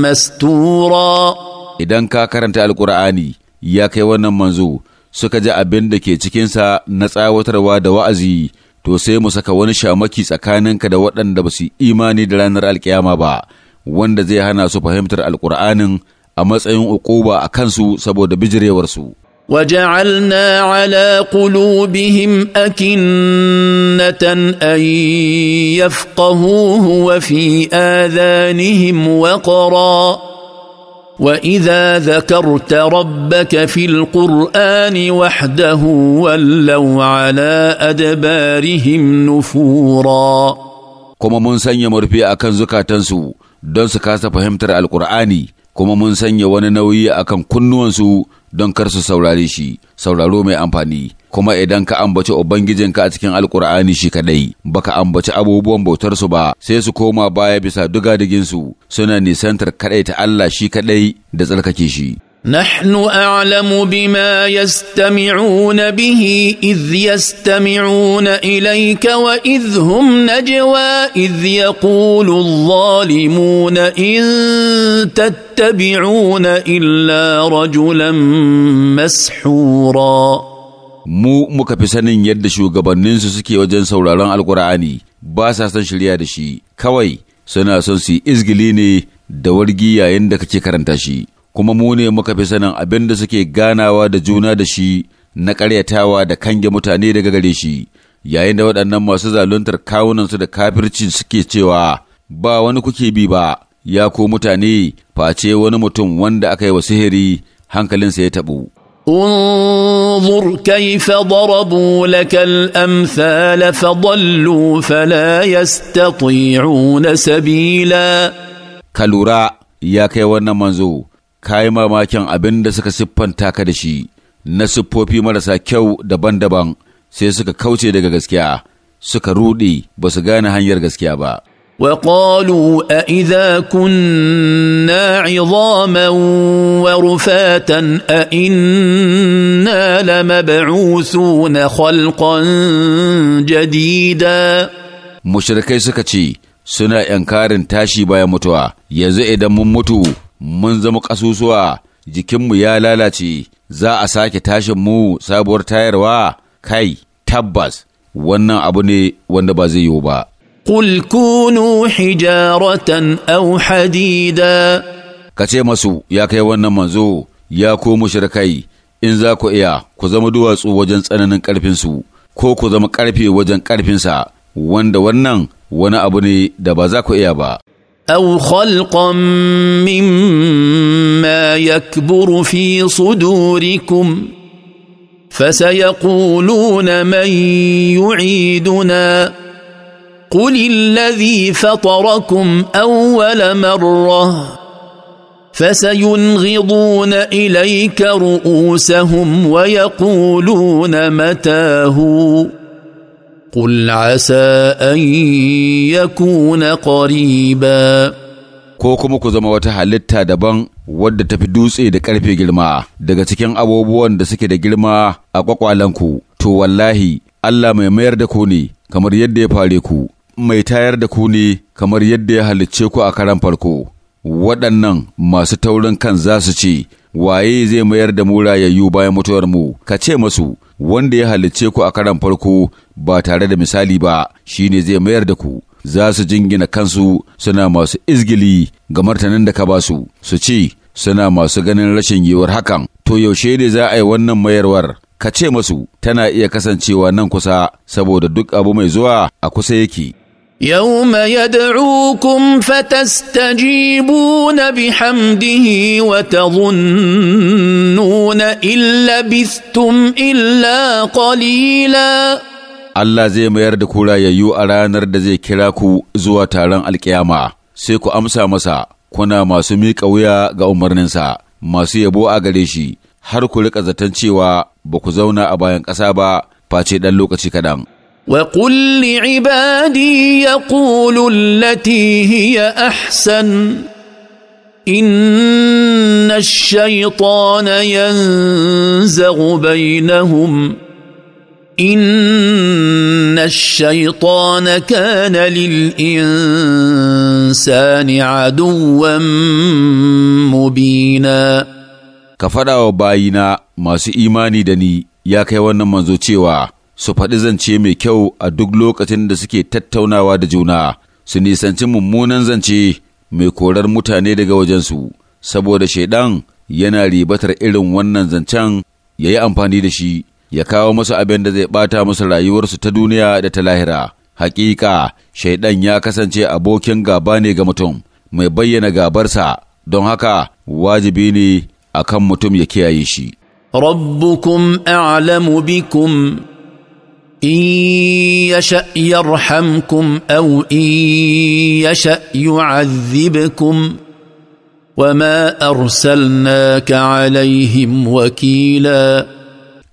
Mastura. idan ka karanta Alƙur'ani ya kai wannan manzo suka ji abin da ke cikinsa na tsawatarwa da wa'azi to sai mu saka wani shamaki tsakaninka da waɗanda ba su imani da ranar alkiyama ba wanda zai hana su fahimtar alkur'anin a matsayin uquba a kansu saboda bijirewarsu. وجعلنا على قلوبهم أكنة أن يفقهوه وفي آذانهم وقرا وإذا ذكرت ربك في القرآن وحده ولوا على أدبارهم نفورا. kuma mun sanya murfi akan zukatansu don su kasa fahimtar alkur'ani kuma mun sanya wani nauyi akan kunnuwansu don kar su saurare shi sauraro mai amfani kuma idan ka ambaci ubangijinka a cikin alkur'ani shi kadai baka ambaci abubuwan bautar su ba sai su koma baya bisa dugadigin su suna nisantar kadai ta Allah shi kadai da tsarkake shi نحن اعلم بما يستمعون به اذ يستمعون اليك واذ هم نجوى اذ يقول الظالمون ان تتبعون الا رجلا مسحورا mu muka fi sanin yadda shugabanninsu suke wajen sauraron alkur'ani ba sa son shirya da shi kawai suna son su yi izgili ne da wargi yayin da kake karanta shi kuma mu ne muka fi sanin abin da suke ganawa da juna da shi na ƙaryatawa da kange mutane daga gare shi yayin da waɗannan masu zaluntar kawunansu da kafirci suke cewa ba wani kuke bi ba ya ko mutane face wani mutum wanda aka yi wa sihiri hankalinsa ya taɓu. انظر كيف ضربوا لك الامثال فضلوا فلا يستطيعون سبيلا lura! يا kai wannan manzo ka yi mamakin abin da suka siffanta ka da shi na siffofi marasa kyau daban-daban sai suka kauce daga gaskiya suka ruɗe ba su gane hanyar gaskiya ba. وقالوا أإذا كنا عظاما ورفاتا أإنا لمبعوثون خلقا جديدا مشركي سكتشي سنا tashi bayan mutuwa, yanzu idan mun mutu. mun zama ƙasusuwa jikinmu ya lalace za a sake tashin mu sabuwar tayarwa kai tabbas wannan abu ne wanda ba zai yiwu ba. قل hijaratan حجارة hadida. Ka kace masu ya kai wannan manzo ya ko kai in za ku iya ku zama duwatsu wajen tsananin ƙarfinsu ko ku zama ƙarfe wajen ƙarfinsa wanda wannan wani abu ne da ba za ku iya ba او خلقا مما يكبر في صدوركم فسيقولون من يعيدنا قل الذي فطركم اول مره فسينغضون اليك رؤوسهم ويقولون متاهوا قل عسى أن يكون قريبا ko kuma ku zama wata halitta daban wadda tafi dutse da ƙarfe girma daga cikin abubuwan da suke da girma a ƙwaƙwalanku to wallahi Allah mai mayar da ku ne kamar yadda ya fare ku mai tayar da ku ne kamar yadda ya halicce ku a karan farko waɗannan masu taurin kan za su ce waye zai mayar da mu rayayyu bayan mutuwar mu ka ce masu wanda ya halicce ku a karan farko ba tare da misali ba shine zai mayar da ku za su jingina kansu suna masu izgili ga martanin da ka ba su su ce suna masu ganin rashin yiwuwar hakan to yaushe ne za a yi wannan mayarwar ka ce masu tana iya kasancewa nan kusa saboda duk abu mai zuwa a kusa yake يوم يدعوكم فتستجيبون بحمده وتظنون ان لبثتم الا قليلا Allah zai mayar da ku rayayyu a ranar da zai kira ku zuwa taron alkiyama, sai ku amsa masa, kuna masu miƙa wuya ga umarninsa, masu yabo a gare shi, har ku riƙa zaton cewa ba ku zauna a bayan ƙasa ba, face ɗan lokaci kaɗan. وقل لعبادي يقولوا التي هي احسن ان الشيطان ينزغ بينهم ان الشيطان كان للانسان عدوا مبينا ka faɗa bayina masu imani da ni ya kai wannan manzo cewa su faɗi zance mai kyau a duk lokacin da suke tattaunawa da juna su nisanci mummunan zance mai korar mutane daga wajensu saboda shaidan yana ribatar irin wannan zancen ya yi amfani da shi ya kawo musu abin da zai ɓata musu rayuwarsu ta duniya da ta lahira. Hakika, Shaiɗan ya kasance abokin gaba ne ga mutum, mai bayyana gabarsa, don haka wajibi ne akan mutum ya kiyaye shi. rabbukum a'lamu bikum ان يشا يرحمكم او ان يشا يعذبكم وما ارسلناك عليهم wakila.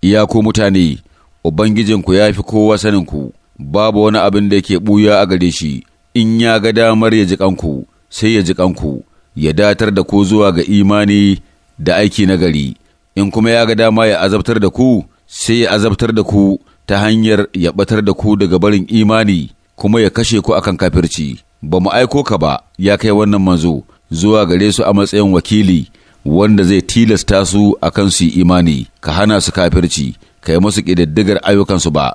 iya ku mutane, Ubangijinku ya fi kowa saninku, babu wani abin da yake ɓuya a gare shi, in ya ga damar ya ji kanku, sai ya ji kanku, ya datar da ku zuwa ga imani da aiki na gari. in kuma ya ga dama ya azabtar da ku, sai ya azabtar da ku ta hanyar ya ɓatar da ku daga barin imani, kuma ya kashe ku akan kafirci. Ba mu aiko ka ba, ya kai wannan manzo, zuwa gare su a matsayin wakili, wanda zai tilasta su akan su imani ka hana su kafirci ka yi musu ƙididdigar ayyukansu ba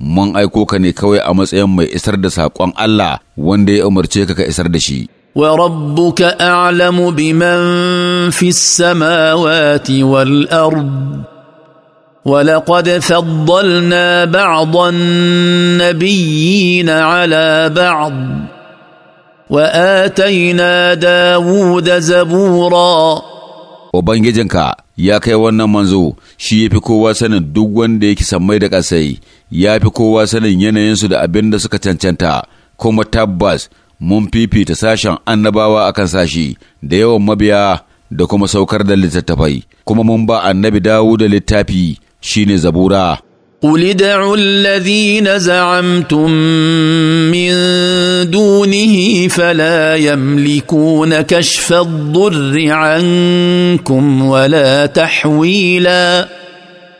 mun aiko ka ne kawai a matsayin mai isar da saƙon Allah wanda ya umarce ka ka isar da shi وربك أعلم بمن في السماوات والأرض ولقد فضلنا بعض النبيين على بعض واتينا داود زبورا Ubangijinka ya kai wannan manzo shi ya fi kowa sanin duk wanda yake sammai da ƙasai, ya fi kowa sanin yanayinsu da abin da suka cancanta, kuma tabbas mun fifita sashen annabawa a kan sashi da yawan mabiya da kuma saukar da littattafai, kuma mun ba annabi dawo da littafi shine zabura. قل ادعوا الذين زعمتم من دونه فلا يملكون كشف الضر عنكم ولا تحويلا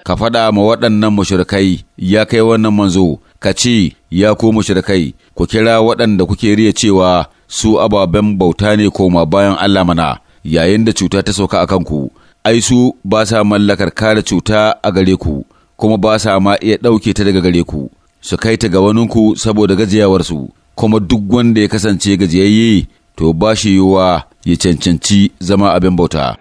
ka faɗa ma waɗannan mushrikai ya kai wannan manzo ka ce ya ku mushrikai ku kira waɗanda kuke riya cewa su ababen bauta ne koma bayan Allah mana yayin da cuta ta sauka a kanku ai su ba sa mallakar kare cuta a gare ku kuma ba sa ma iya ɗauke ta daga gare ku su kai ta ga waninku saboda gajiyawarsu kuma duk wanda ya kasance gajiyayye to ba shi yiwuwa ya cancanci zama abin bauta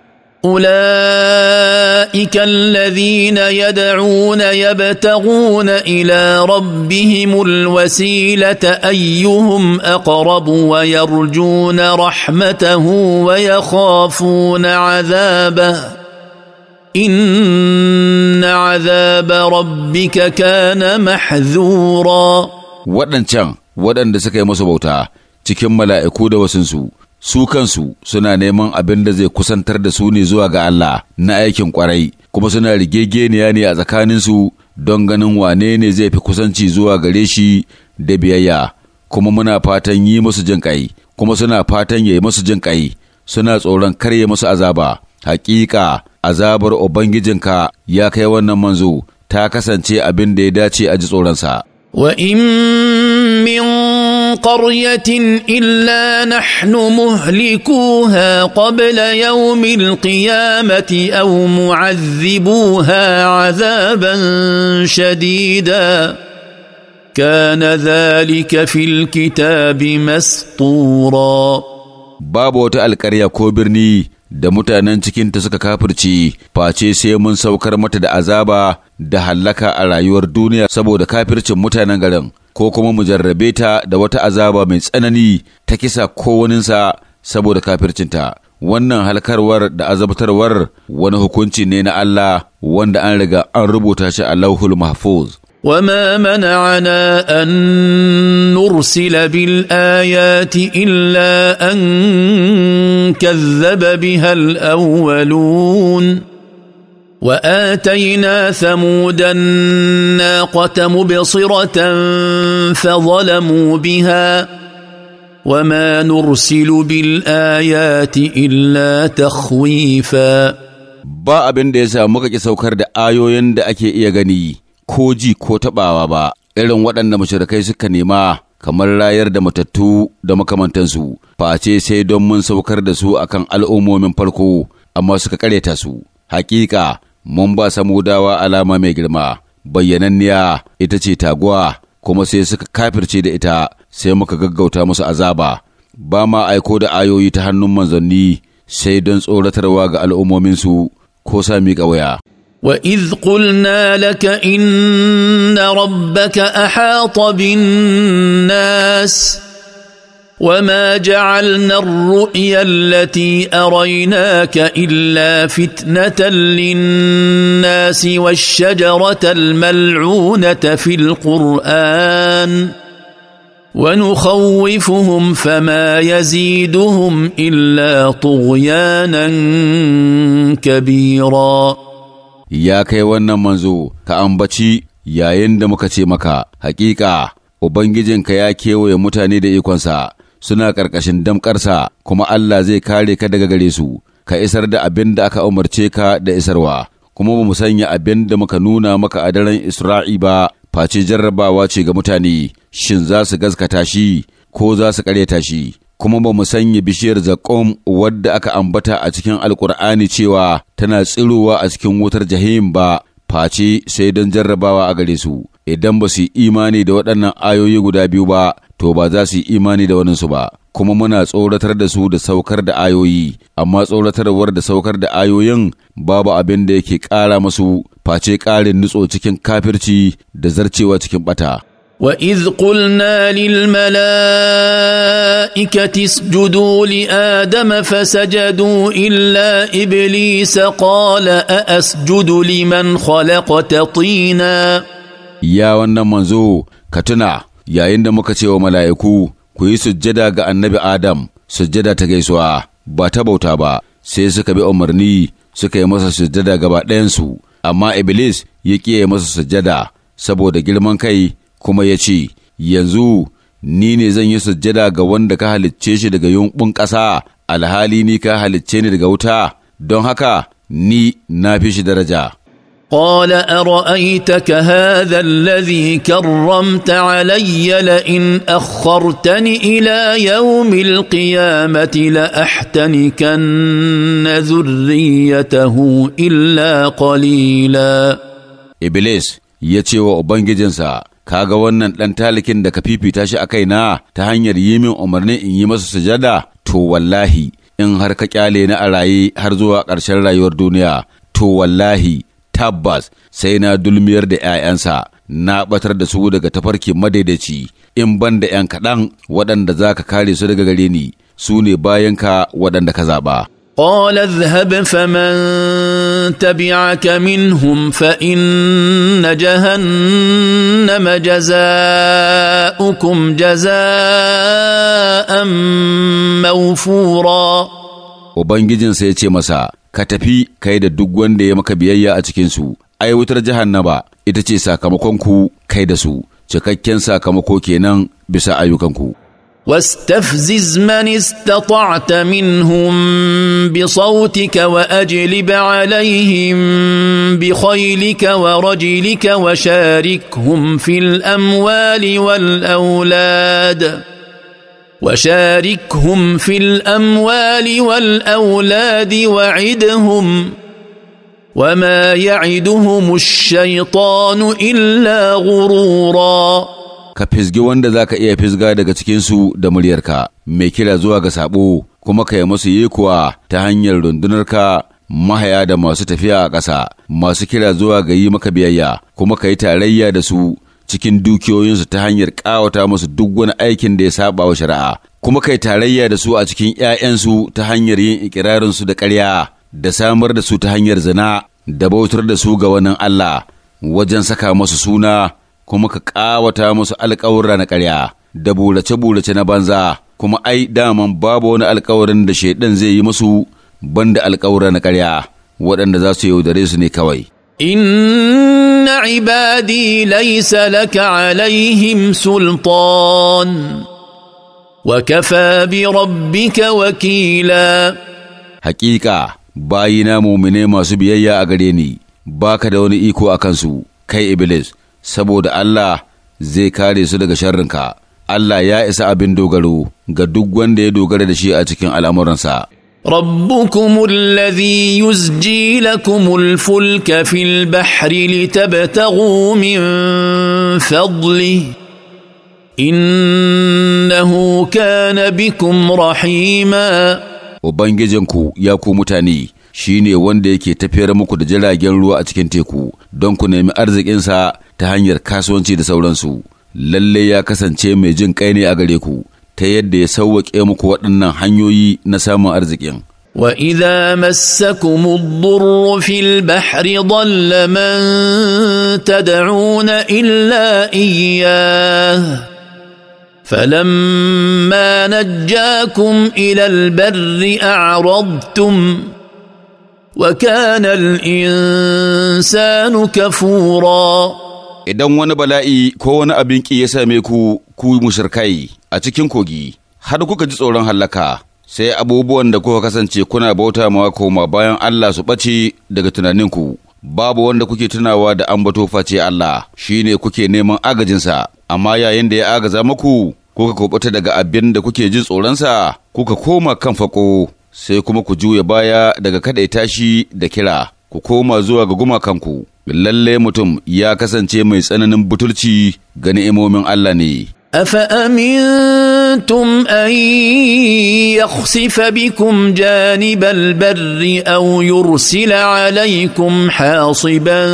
اولئك الذين يدعون يبتغون الى ربهم الوسيله ايهم اقرب ويرجون رحمته ويخافون عذابه ان عذاب ربك كان محذورا waɗancan waɗanda suka yi masu bauta cikin mala'iku da wasunsu su kansu suna neman abin da zai kusantar da su ne zuwa ga Allah na aikin ƙwarai kuma suna rigegeniya ne a tsakaninsu don ganin wane ne zai fi kusanci zuwa gare shi da biyayya kuma muna fatan yi musu jin kuma suna fatan ya yi musu jin suna tsoron karya musu azaba Hakika, azabar Ubangijinka ya kai wannan manzo ta kasance abin da ya dace a ji tsoronsa. Wa in min qaryatin illa nahnu muhlikuha qabla yawmil qiyamati aw mu'adhibuha azaban shadida. kana dhalika fil kitabi مسطورا babu وتا القريه ko birni da mutanen cikinta suka kafirci face sai mun saukar mata da azaba da hallaka a rayuwar duniya saboda kafircin mutanen garin ko kuma mu jarrabe ta da wata azaba mai tsanani ta kisa kowaninsa saboda kafircinta wannan halkarwar da azabtarwar wani hukunci ne na Allah wanda an riga an rubuta shi a lauhul mahfuz وما منعنا أن نرسل بالآيات إلا أن كذب بها الاولون واتينا ثمود الناقه مبصره فظلموا بها وما نرسل بالايات الا تخويفا ba abin da ya sa muka ki saukar da ayoyin da ake iya gani ko ji ko taɓawa ba irin waɗanda mashirikai suka nema kamar rayar da matattu da makamantansu face sai don mun saukar da su akan al'ummomin farko amma suka kareta su hakika mun ba dawa alama mai girma bayyananniya ita ce taguwa kuma sai suka kafirce da ita sai muka gaggauta musu azaba ba ma aiko da ayoyi ta hannun manzanni sai don tsoratarwa ga al'ummominsu ko sami ƙawaya. واذ قلنا لك ان ربك احاط بالناس وما جعلنا الرؤيا التي اريناك الا فتنه للناس والشجره الملعونه في القران ونخوفهم فما يزيدهم الا طغيانا كبيرا ya kai wannan manzo ka ambaci yayin da muka ce maka hakika ubangijinka ya kewaye mutane da ikonsa suna ƙarƙashin damƙarsa kuma Allah zai kare ka daga gare su ka isar da abin da aka umarce ka da isarwa kuma ba mu sanya abin da muka nuna maka a daren Isra'i ba face jarrabawa ce ga mutane shin za su gaskata shi ko za su ƙaryata shi kuma ba mu sanya bishiyar zakom wadda aka ambata a cikin alkur'ani cewa tana tsirowa a cikin wutar jahim ba face sai don jarrabawa a gare su idan ba su yi imani da waɗannan ayoyi guda biyu ba to ba za su yi imani da waninsu ba kuma muna tsoratar da su da saukar da ayoyi amma tsoratarwar da saukar da ayoyin babu abin da yake ƙara masu face ƙarin nutso cikin kafirci da zarcewa cikin ɓata. واذ قلنا للملائكه اسجدوا لادم فسجدوا الا ابليس قال ااسجد لمن خلقت طينا يا wannan manzo ka tuna yayin da muka ce wa mala'iku ku yi sujjada ga annabi adam sujjada ta gaisuwa ba ta bauta ba sai suka bi umarni suka yi masa sujjada gaba ɗayansu amma iblis ya ƙi masa sujjada saboda girman kai kuma ya ce, Yanzu ni ne zan yi sujjada ga wanda ka halicce shi daga yunɓun ƙasa, alhali ni ka halicce ni daga wuta, don haka ni na fi shi daraja. قال ارايتك هذا الذي كرمت علي لئن اخرتني الى يوم القيامه لاحتنكن ذريته الا قليلا ابليس wa وبنجنسا Ka ga wannan ɗan talikin da ka fifita shi a kaina ta hanyar yi min umarnin in yi masa sujada to wallahi in har ka kyale ni a raye har zuwa ƙarshen rayuwar duniya to wallahi tabbas sai na dulmiyar da 'ya'yansa na batar da su daga tafarkin madaidaci in ban da 'yan kaɗan waɗanda za ka kare su daga gare ni su ne bayanka waɗanda ka zaɓa. قال اذهب فمن تبعك منهم فان جهنم جزاؤكم جزاء موفورا ubangijinsa ya ce masa ka tafi kai da duk wanda ya maka biyayya a cikinsu ai wutar jahannaba ita ce sakamakonku kai da su cikakken sakamako kenan bisa ayyukanku واستفزز من استطعت منهم بصوتك واجلب عليهم بخيلك ورجلك وشاركهم في الاموال والاولاد وشاركهم في الاموال والاولاد وعدهم وما يعدهم الشيطان الا غروراً ka fisgi wanda za ka iya fisga daga cikinsu da muryarka, mai kira zuwa ga saɓo, kuma ka yi masu yekuwa ta hanyar rundunarka mahaya da masu tafiya a ƙasa, masu kira zuwa ga yi maka biyayya, kuma ka yi tarayya da su cikin dukiyoyinsu ta hanyar ƙawata musu duk wani aikin da ya saba wa shari'a, kuma ka yi tarayya da su a cikin ‘ya'yansu ta hanyar yin ikirarinsu da ƙarya, da samar da su ta hanyar zina, da bautar da su ga wannan Allah, wajen saka masu suna kuma ka ƙawata musu alƙawura na ƙarya da burace-burace na banza kuma ai daman babu wani alƙawarin da shaidan zai yi musu banda alƙawura na ƙarya waɗanda za su yaudare su ne kawai. إن عبادي ليس لك عليهم سلطان وكفى wakila. وكيلا حقيقة bayina mumine masu biyayya a gare ni, ba da wani iko a kansu, kai Iblis, saboda Allah zai kare su daga sharrinka Allah ya isa abin dogaro ga duk wanda ya dogara da shi a cikin al'amuransa ربكم الذي يزجي لكم الفلك في البحر لتبتغوا من فضله إنه كان بكم رحيما Ubangijinku ya ku mutane shi ne wanda yake tafiyar muku da jiragen ruwa a cikin teku don ku nemi arzikinsa ta hanyar kasuwanci da sauransu lalle ya kasance mai jin kai ne a gare ku ta yadda ya sauwaƙe muku waɗannan hanyoyi na samun arzikin واذا مسكم الضر في البحر ضل من تدعون الا اياه فلما نجاكم الى البر اعرضتم وكان الانسان كفورا idan wani bala'i ko wani abin ki ya same ku ku mushrikai a cikin kogi har kuka ji tsoron hallaka sai abubuwan da kuka kasance kuna bauta ma koma bayan Allah su ɓace daga tunaninku babu wanda kuke tunawa da an bato face Allah shine kuke neman agajinsa amma yayin da ya agaza muku kuka kubuta daga abin da kuke jin tsoronsa kuka koma kan fako sai kuma ku juya baya daga kada tashi da kira ku koma zuwa ga gumakan ku. lalle mutum ya kasance mai tsananin butulci ga ni'imomin Allah ne. أفأمنتم أن يخسف بكم جانب البر أو يرسل عليكم حاصبا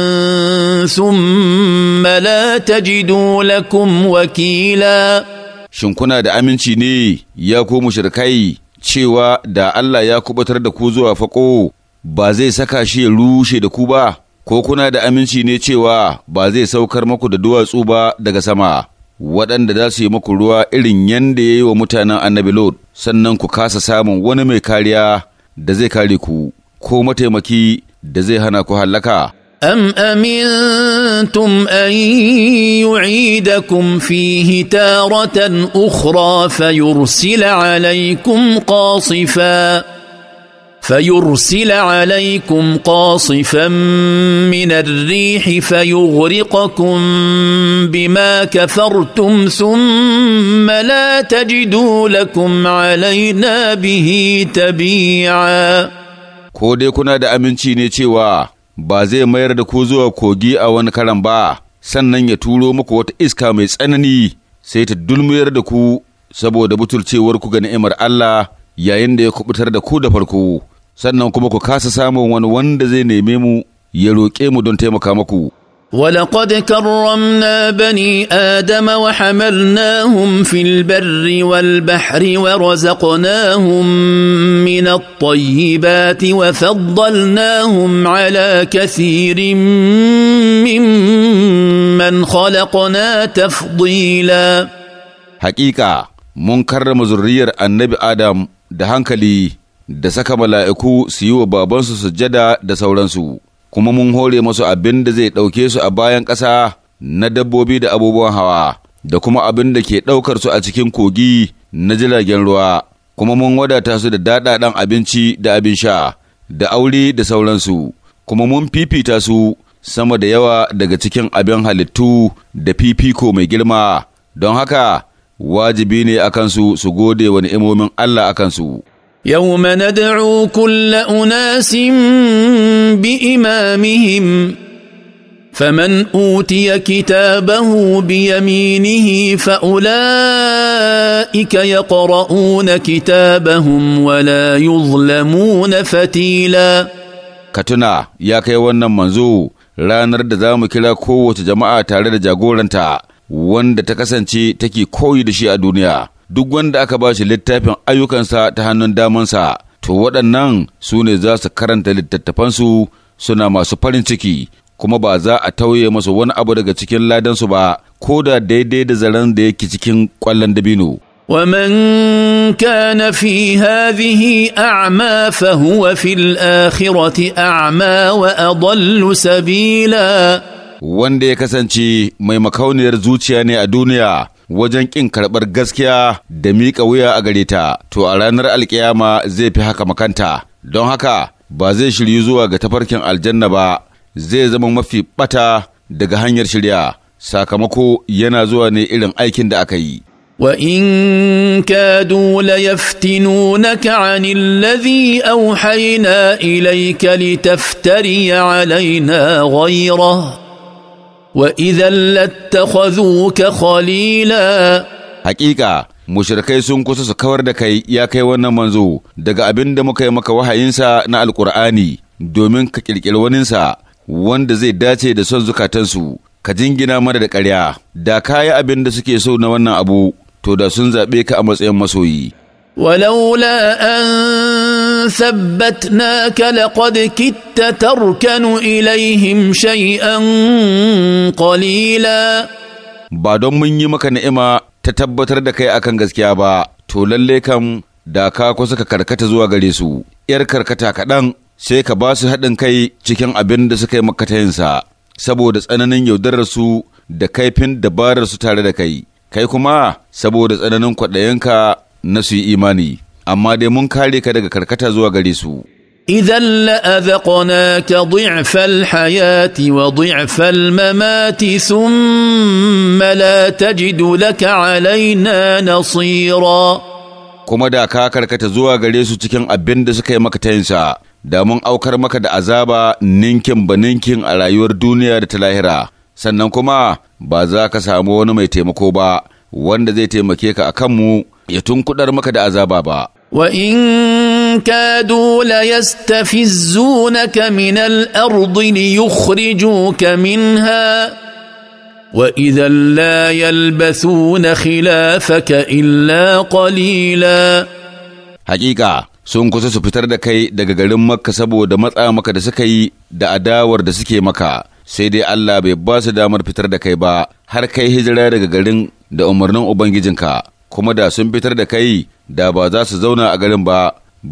ثم لا تجدوا لكم wakila. Shin kuna da aminci ne ya ku mushrikai cewa da Allah ya kubatar da ku zuwa faƙo ba zai saka shi ya rushe da ku ba? ko kuna da aminci ne cewa ba zai saukar muku da duwatsu ba daga sama, waɗanda za su yi muku ruwa irin yadda ya yi wa mutanen annabi Lot, sannan ku kasa samun wani mai kariya da zai kare ku, ko mataimaki da zai hana ku hallaka. أم أمنتم أن يعيدكم فيه تارة أخرى فيرسل عليكم قاصفاً فيرسل عليكم قاصفا من الريح فيغرقكم بما كفرتم ثم لا تجدوا لكم علينا به تبيعا ko dai kuna da aminci ne cewa ba zai mayar da ku zuwa kogi a wani karan ba sannan ya turo muku wata iska mai tsanani sai ta dulmuyar da ku saboda butulcewar ku ga ni'imar Allah yayin da ya kubutar da ku da farko sannan kuma ku kasa samun wani wanda zai neme mu ya roƙe mu don taimaka maku ولقد كرمنا بني ادم وحملناهم في البر والبحر ورزقناهم من الطيبات وفضلناهم على كثير ممن خلقنا تفضيلا حقيقه mun karrama zurriyar annabi adam da hankali da saka mala'iku su yi wa babansu sujada da sauransu, kuma mun hore masu abin da zai ɗauke su a bayan ƙasa na dabbobi da abubuwan hawa, da kuma abin da ke ɗaukar su a cikin kogi na jiragen ruwa, kuma mun wadata su da daɗaɗan abinci da abin sha, da aure da sauransu, kuma mun fifita su sama da yawa daga cikin abin halittu da fifiko mai girma, don haka wajibi ne a kansu su gode wa ni'imomin Allah a kansu. يوم ندعو كل اناس بامامهم فمن اوتي ya بيمينه فاولئك يقرؤون كتابهم ولا يظلمون فتيلا كتنا يا كي wannan manzo ranar da za mu kira kowace jama'a tare da jagoranta wanda ta kasance take koyi da shi a duniya duk wanda aka ba shi littafin ayyukansa ta hannun damansa, to waɗannan su ne za su karanta littattafansu suna masu farin ciki, kuma ba za a tauye masu wani abu daga cikin ladansu ba, ko da daidai da zaren da yake cikin ƙwallon dabino. ومن كان في هذه أعمى فهو في الآخرة أعمى وأضل سبيلا wanda ya kasance mai makauniyar zuciya ne a duniya wajen ƙin karɓar gaskiya da miƙa wuya a gare ta, to a ranar alkiyama zai fi haka makanta, don haka ba zai shiryu zuwa ga tafarkin aljanna ba, zai zama mafi ɓata daga hanyar shirya, sakamako yana zuwa ne irin aikin da aka yi. وان كادوا ليفتنونك عن الذي اوحينا اليك لتفتري علينا غيره وإذا لاتخذوك خليلا حقيقة mushrikai sun kusa su kawar da kai ya kai wannan manzo daga abin da muka yi maka wahayinsa na alƙur'ani domin ka ƙirƙiri waninsa wanda zai dace da son zukatansu ka jingina mana da ƙarya da kayi abin da suke so na wannan abu to da sun zaɓe ka a matsayin masoyi ولولا ان ثبتناك لقد كدت تركن اليهم شيئا قليلا ba don mun yi maka ni'ima ta tabbatar da kai akan gaskiya ba to lalle kan da ka kusa karkata zuwa gare su yar karkata kaɗan sai ka ba su haɗin kai cikin abin da suka yi maka yinsa, saboda tsananin yaudarar su da kaifin dabarar su tare da kai kai kuma saboda tsananin kwaɗayinka na su yi imani amma dai mun kare ka daga karkata zuwa gare su idan إذا لأذقناك ضعف الحياة وضعف الممات ثم لا تجد لك alaina nasira. kuma da ka karkata zuwa gare su cikin abin da suka yi maka tayinsa da mun aukar maka da azaba ninkin ba ninkin a rayuwar duniya da ta lahira sannan kuma ba za ka samu wani mai taimako ba wanda zai taimake ka a kanmu ya kuɗar maka da azaba ba وإن كادوا ليستفزونك من الأرض ليخرجوك منها وإذا لا يلبثون خلافك إلا قليلا حقيقة sun kusa su fitar da kai daga garin maka saboda matsa maka da suka yi da adawar da suke maka sai dai Allah bai basu damar fitar da kai ba har kai hijira daga garin da umarnin ubangijin ka. kuma da sun fitar da kai da ba za su zauna a garin ba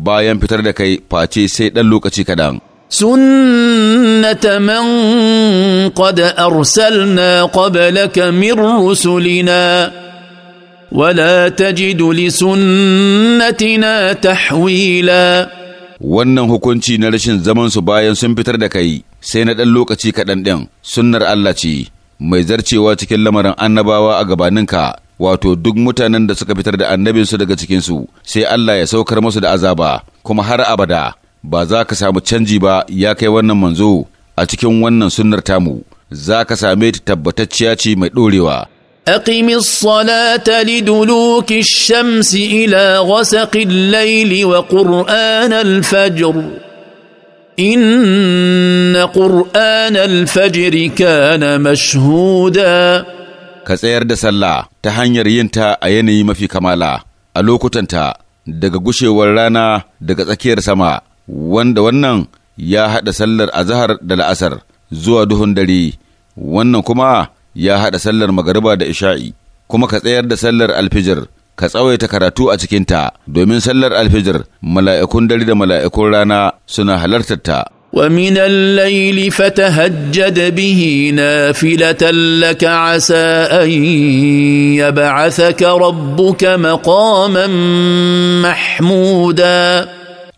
bayan fitar da kai face sai ɗan lokaci kaɗan. سنة من قد أرسلنا قبلك من رسلنا ولا تجد لسنتنا تحويلا wannan hukunci na rashin zamansu bayan sun fitar da kai sai na ɗan lokaci kaɗan ɗin sunnar Allah ce mai zarcewa cikin lamarin annabawa a gabaninka wato duk mutanen da suka fitar da annabinsu daga cikinsu sai Allah ya saukar musu da azaba kuma har abada ba za ka samu canji ba ya kai wannan manzo a cikin wannan sunnar tamu za ka same ta tabbatacciya ce mai dorewa أقم الصلاة لدلوك الشمس إلى غسق الليل وقرآن الفجر إن قرآن الفجر كان مشهوداً ka tsayar da sallah ta hanyar yin ta a yanayi mafi kamala a lokutanta daga gushewar rana daga tsakiyar sama wanda wannan ya haɗa sallar azahar da la'asar zuwa duhun dare wannan kuma ya haɗa sallar magariba da isha'i kuma ka tsayar da sallar alfijir ka tsawaita karatu a cikinta domin sallar alfijir mala'ikun dare da mala'ikun rana suna halartar ta ومن الليل فتهجد به نافله لك عسى ان يبعثك ربك مقاما محمودا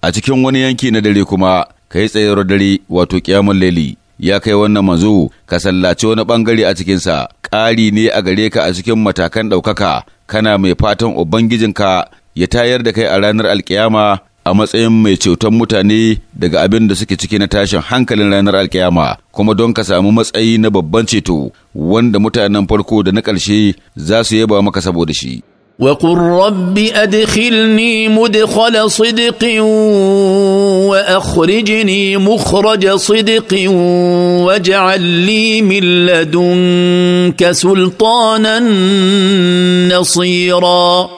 a cikin wani yanki na dare kuma ka yi tsayar dare wato kiyamun laili ya kai wannan manzo ka sallaci wani bangare a cikinsa ƙari ne a gare ka a cikin matakan ɗaukaka kana mai fatan ubangijinka ya tayar da kai a ranar alkiyama a matsayin mai ceton mutane daga abin da suke ciki na tashin hankalin ranar alkiyama kuma don ka samu matsayi na babban ceto wanda mutanen farko da na ƙarshe za su yaba maka saboda shi. وقل رب أدخلني مدخل صدق وأخرجني مخرج صدق واجعل لي من لدنك سلطانا نصيرا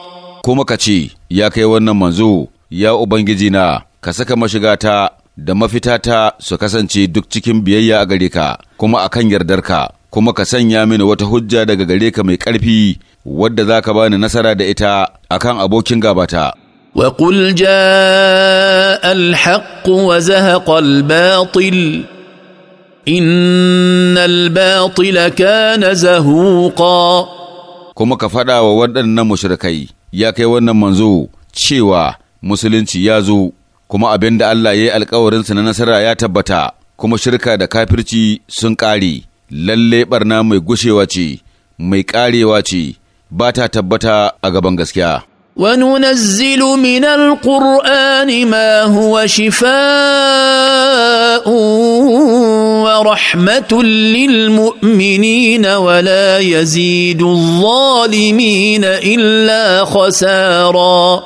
كما كتشي يا wannan ونمنزو ya Ubangijina, ka saka mashiga ta da mafitata su kasance duk cikin biyayya a gare ka, kuma a kan ka kuma ka sanya mini wata hujja daga gare ka mai ƙarfi wadda za ka bani nasara da ita a kan abokin gabata. وقل جاء الحق وزهق الباطل الباطل كان زهوقا kuma ka faɗa wa waɗannan mushrikai ya kai wannan manzo cewa musulunci ya zo kuma abin da Allah ya yi alkawarinsa na nasara ya tabbata kuma shirka da kafirci sun ƙare lalle barna mai gushewa ce mai ƙarewa ce ba ta tabbata a gaban gaskiya وننزل من القرآن ما هو شفاء ورحمة للمؤمنين ولا يزيد الظالمين إلا خساراً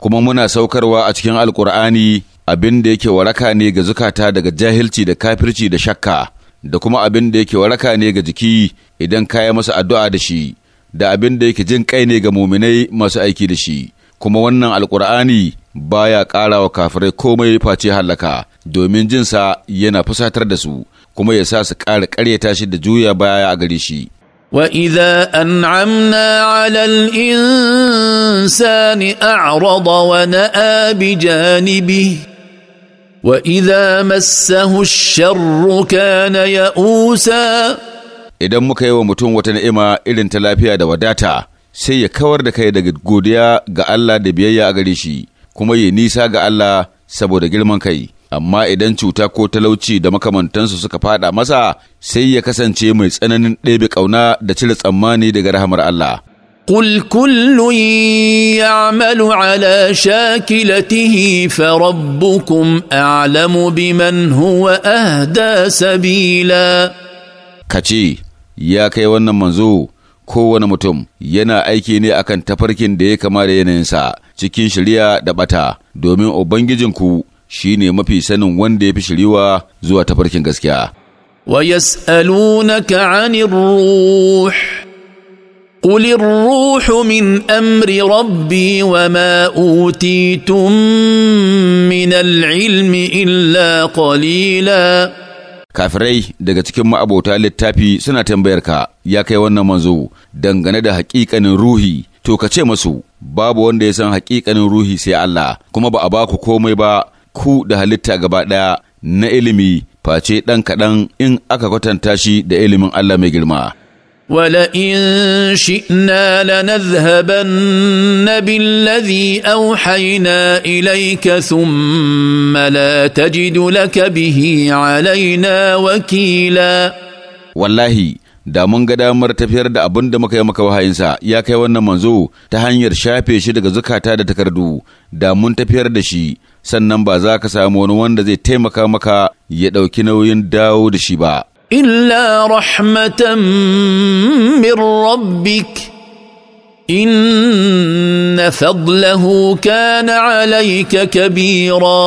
kuma muna saukarwa a cikin alkur'ani abin da yake waraka ne ga zukata daga jahilci da kafirci da shakka da kuma abin da yake waraka ne ga jiki idan ka yi masa addu'a da shi da abin da yake jin kai ne ga muminai masu aiki da shi kuma wannan alkur'ani baya ƙara wa kafirai komai face hallaka domin jinsa yana fusatar da su kuma ya sa su ƙara ƙaryata shi da juya baya a gare shi واذا انعمنا على الانسان اعرض وناى بجانبه واذا مسه الشر كان يئوسا idan muka yi wa mutum wata ni'ima irin ta lafiya da wadata sai ya kawar da kai daga godiya ga Allah da biyayya a gare shi kuma ya nisa ga Allah saboda girman kai amma idan cuta ko talauci da makamantansu suka fada masa sai ya kasance mai tsananin ɗebe ƙauna da cire tsammani daga rahamar Allah. قل كل يعمل على شاكلته فربكم أعلم بمن هو sabila. Ka ce, ya kai wannan manzo kowane mutum yana aiki ne akan tafarkin da ya kama da yanayinsa cikin shirya da ɓata, domin ubangijinku shi ne mafi sanin wanda ya fi shiriwa zuwa tafarkin gaskiya. Wa yas'alunaka 'anir ruh قل الروح من امر ربي وما اوتيتم من العلم illa قليلا kafirai daga cikin ma'abota littafi suna tambayar ka ya kai wannan manzo dangane da haƙiƙanin ruhi to ka ce masu babu wanda ya san haƙiƙanin ruhi sai Allah kuma ba a baku komai ba ku da halitta gaba ɗaya na ilimi face ɗan kaɗan in aka kwatanta shi da ilimin Allah mai girma. ولئن شئنا لنذهبن ilaika اوحينا اليك ثم لا تجد لك به علينا وكيلا والله da mun ga damar tafiyar da abin da muka yi maka wahayinsa ya kai wannan manzo ta hanyar shafe shi daga zukata da takardu da mun tafiyar da shi sannan ba za ka samu wani wanda zai taimaka maka ya ɗauki nauyin dawo da shi ba. Illa rahmatan min rabbik inna fadlahu kana alaika kabira.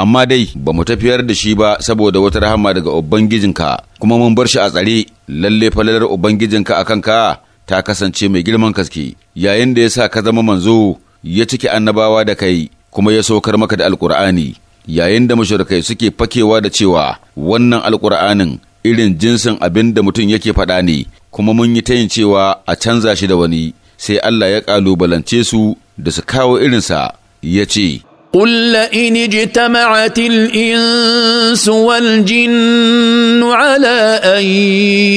Amma dai ba mu tafiyar da shi ba saboda wata rahama daga Ubangijinka kuma mun bar shi a tsare lalle falalar Ubangijinka a kanka ta kasance mai girman kaske yayin da ya sa ka zama manzo ya cike annabawa da kai. kuma ya saukar maka da alkur'ani yayin da mashirkai suke fakewa da cewa wannan alkur'anin irin jinsin abin da mutum yake faɗa ne kuma mun yi tayin cewa a canza shi da wani sai Allah ya ƙalubalance su da su kawo irinsa ya ce قل لئن اجتمعت الانس والجن على ان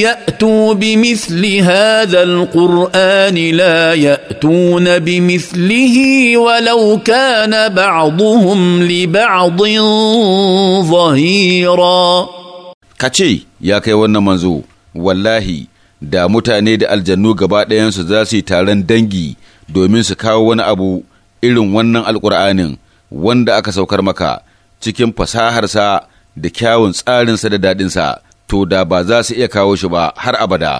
ياتوا بمثل هذا القران لا ياتون بمثله ولو كان بعضهم لبعض ظهيرا kace ya kai wannan manzo wallahi da mutane da aljannu gaba ɗayansu za su yi taron dangi domin su kawo wani abu irin wannan alƙur'anin wanda aka saukar maka cikin fasaharsa da kyawun tsarinsa da daɗinsa to da ba za su iya kawo shi ba har abada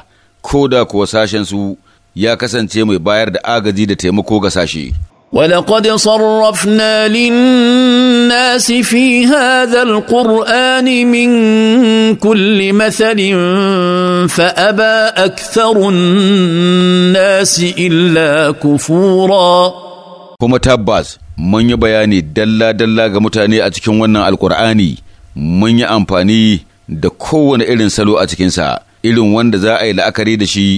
ko da kuwa sashensu ya kasance mai bayar da agaji da taimako ga sashi. ولقد صرفنا للناس في هذا القرآن من كل مثل فأبى أكثر الناس إلا كفورا kuma tabbas mun yi bayani dalla-dalla ga mutane a cikin wannan alkur'ani mun yi amfani da kowane irin salo a cikinsa irin wanda za a yi la'akari da shi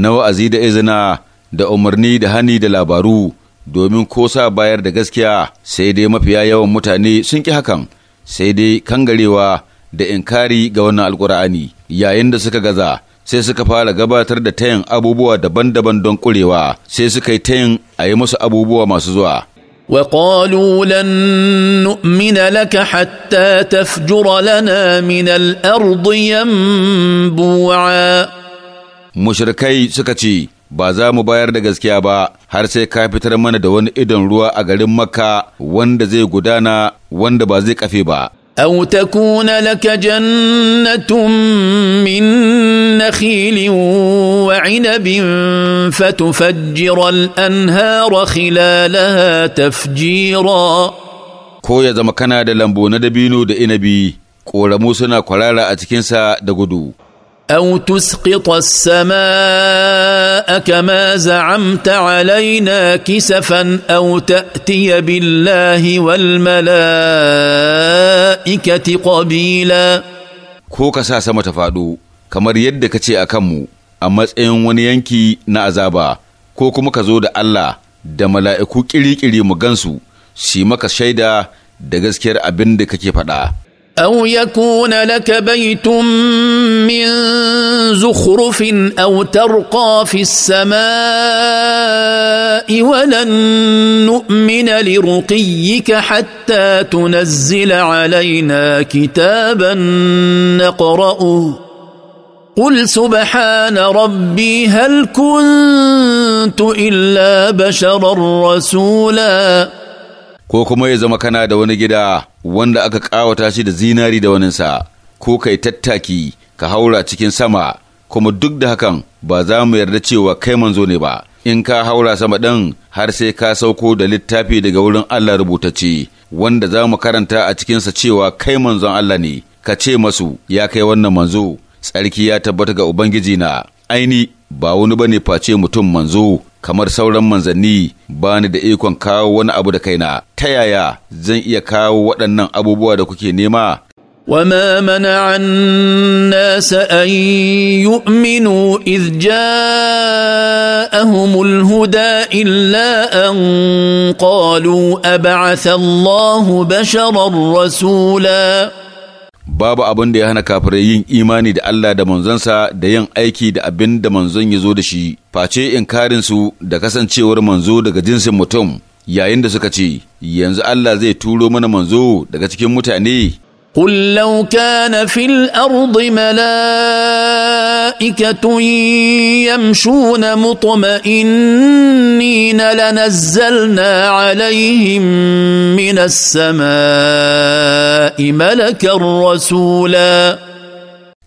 na wa'azi da izina da umarni da hani da labaru domin ko sa bayar da gaskiya sai dai mafiya yawan mutane sun ki hakan sai dai kangarewa da inkari ga wannan alkur'ani yayin da suka gaza sai suka fara gabatar da tayin abubuwa daban-daban don kurewa sai suka yi tayin a yi musu abubuwa masu zuwa وقالوا لن نؤمن لك حتى تفجر لنا من الارض ينبوعا mushrikai suka ce ba za mu bayar da gaskiya ba har sai ka fitar mana da wani idon ruwa a garin makka wanda zai gudana wanda ba zai kafe ba أو تكون لك جنة من نخيل وعنب فتفجر الأنهار خلالها تفجيرا كويا دمكنا دلمبو ندبينو دينبي كورا موسنا كورالا أتكنسا دغدو او تسقط السماء كما زعمت علينا كسفا او تاتي بالله والملائكه قبيلا ko ka sa sama ta faɗo kamar yadda ka ce a kanmu a matsayin wani yanki na azaba ko kuma ka zo da Allah da mala'iku ƙiri-ƙiri mu gansu shi maka shaida da gaskiyar abin da kake faɗa. او يكون لك بيت من زخرف او ترقى في السماء ولن نؤمن لرقيك حتى تنزل علينا كتابا نقراه قل سبحان ربي هل كنت الا بشرا رسولا ko kuma ya zama kana da wani gida wanda aka ƙawata shi da zinari da waninsa, ko kai tattaki ka haura cikin sama, kuma duk da hakan ba za mu yarda cewa kai manzo ne ba, in ka haura sama ɗin har sai ka sauko da littafi daga wurin Allah rubutacce, wanda za mu karanta a cikinsa cewa kai manzon Allah ne, ka ce masu ya kai wannan manzo, tsarki ya tabbata ga Ubangiji na, aini ba wani bane face mutum manzo kamar sauran manzanni ba ni da ikon kawo wani abu da kaina ta yaya zan iya kawo waɗannan abubuwa da kuke nema وما منع الناس ان يؤمنوا اذ جاءهم الهدى الا ان قالوا ابعث الله بشرا رسولا babu abin da ya hana kafirai yin imani da Allah da manzonsa da yin aiki da abin da manzon ya zo da shi face inkarinsu da kasancewar manzo daga jinsin mutum yayin da suka ce yanzu Allah zai turo mana manzo daga cikin mutane قل لو كان في الارض ملائكه يمشون مطمئنين لنزلنا عليهم من السماء ملكا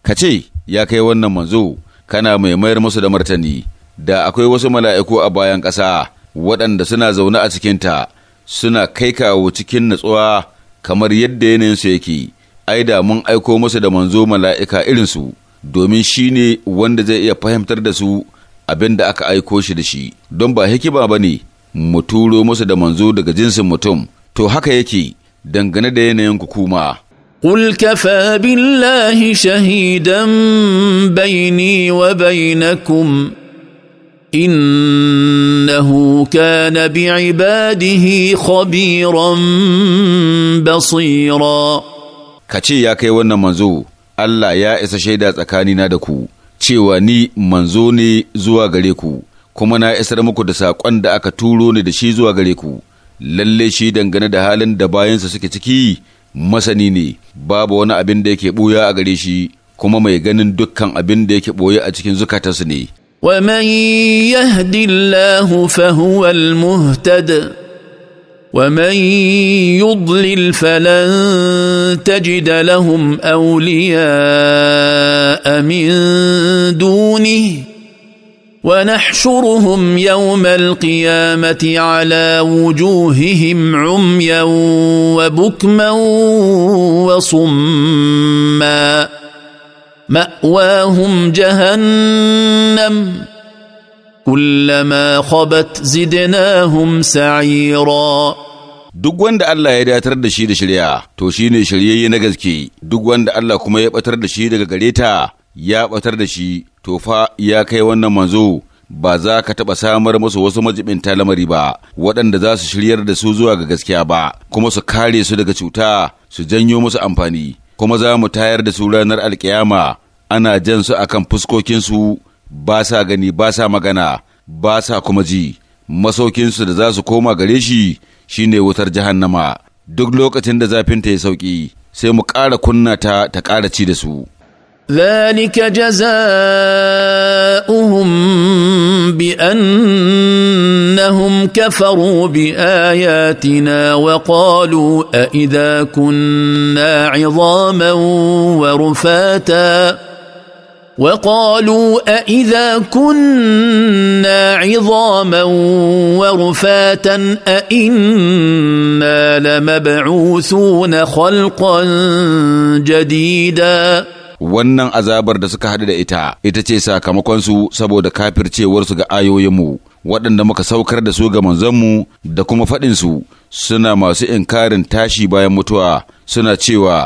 Ka kace ya kai wannan manzo kana mai mayar musu da martani da akwai wasu mala'iku a bayan ƙasa waɗanda suna zaune a cikinta suna kai kawo cikin natsuwa kamar yadda yanayinsu yake, ai da mun aiko musu da manzo mala'ika irinsu, domin shi ne wanda zai iya fahimtar da su abin da aka aiko shi da shi, don ba hikima ba ne mu turo musu da manzo daga jinsin mutum, to haka yake dangane da yanayin kuma. قل كفى بالله شهيدا بيني وبينكم انه كان بعباده خبيرا بصيرا ce ya kai wannan manzo Allah ya isa shaida tsakanina da ku cewa ni manzo ne zuwa gare ku kuma na isar muku da saƙon da aka turo ni da shi zuwa gare ku lalle shi dangane da halin da bayansa suke ciki masani ne babu wani abin da yake ɓuya a gare shi kuma mai ganin dukkan abin da yake ɓoye a cikin zukatansu ne ومن يهد الله فهو المهتد ومن يضلل فلن تجد لهم اولياء من دونه ونحشرهم يوم القيامه على وجوههم عميا وبكما وصما ماواهم جهنم كلما خبت زدناهم سعيرا duk wanda Allah ya datar da shi da shirya to shine shiryayye na gaske duk wanda Allah kuma ya batar da shi daga gare ta ya batar da shi to fa ya kai wannan manzo ba za ka taɓa samar musu wasu majibinta lamari ba waɗanda za su shiryar da su zuwa ga gaskiya ba kuma su kare su daga cuta su janyo musu amfani kuma za mu tayar da su ranar alkiyama ana jan su a kan fuskokinsu ba sa gani ba sa magana ba sa kuma ji masaukinsu da za su koma gare shi ne wutar jahannama duk lokacin da zafinta ya sauki sai mu ƙara kunna ta ta ƙara ci da su ذلك جزاؤهم بانهم كفروا باياتنا وقالوا أإذا كنا عظاما ورفاتا وقالوا أإذا كنا عظاما ورفاتا أإنا لمبعوثون خلقا جديدا wannan azabar da suka haɗu da ita ita ce sakamakonsu saboda kafircewarsu ga ayoyinmu waɗanda muka saukar da su ga manzanmu da kuma faɗinsu suna masu inkarin tashi bayan mutuwa suna cewa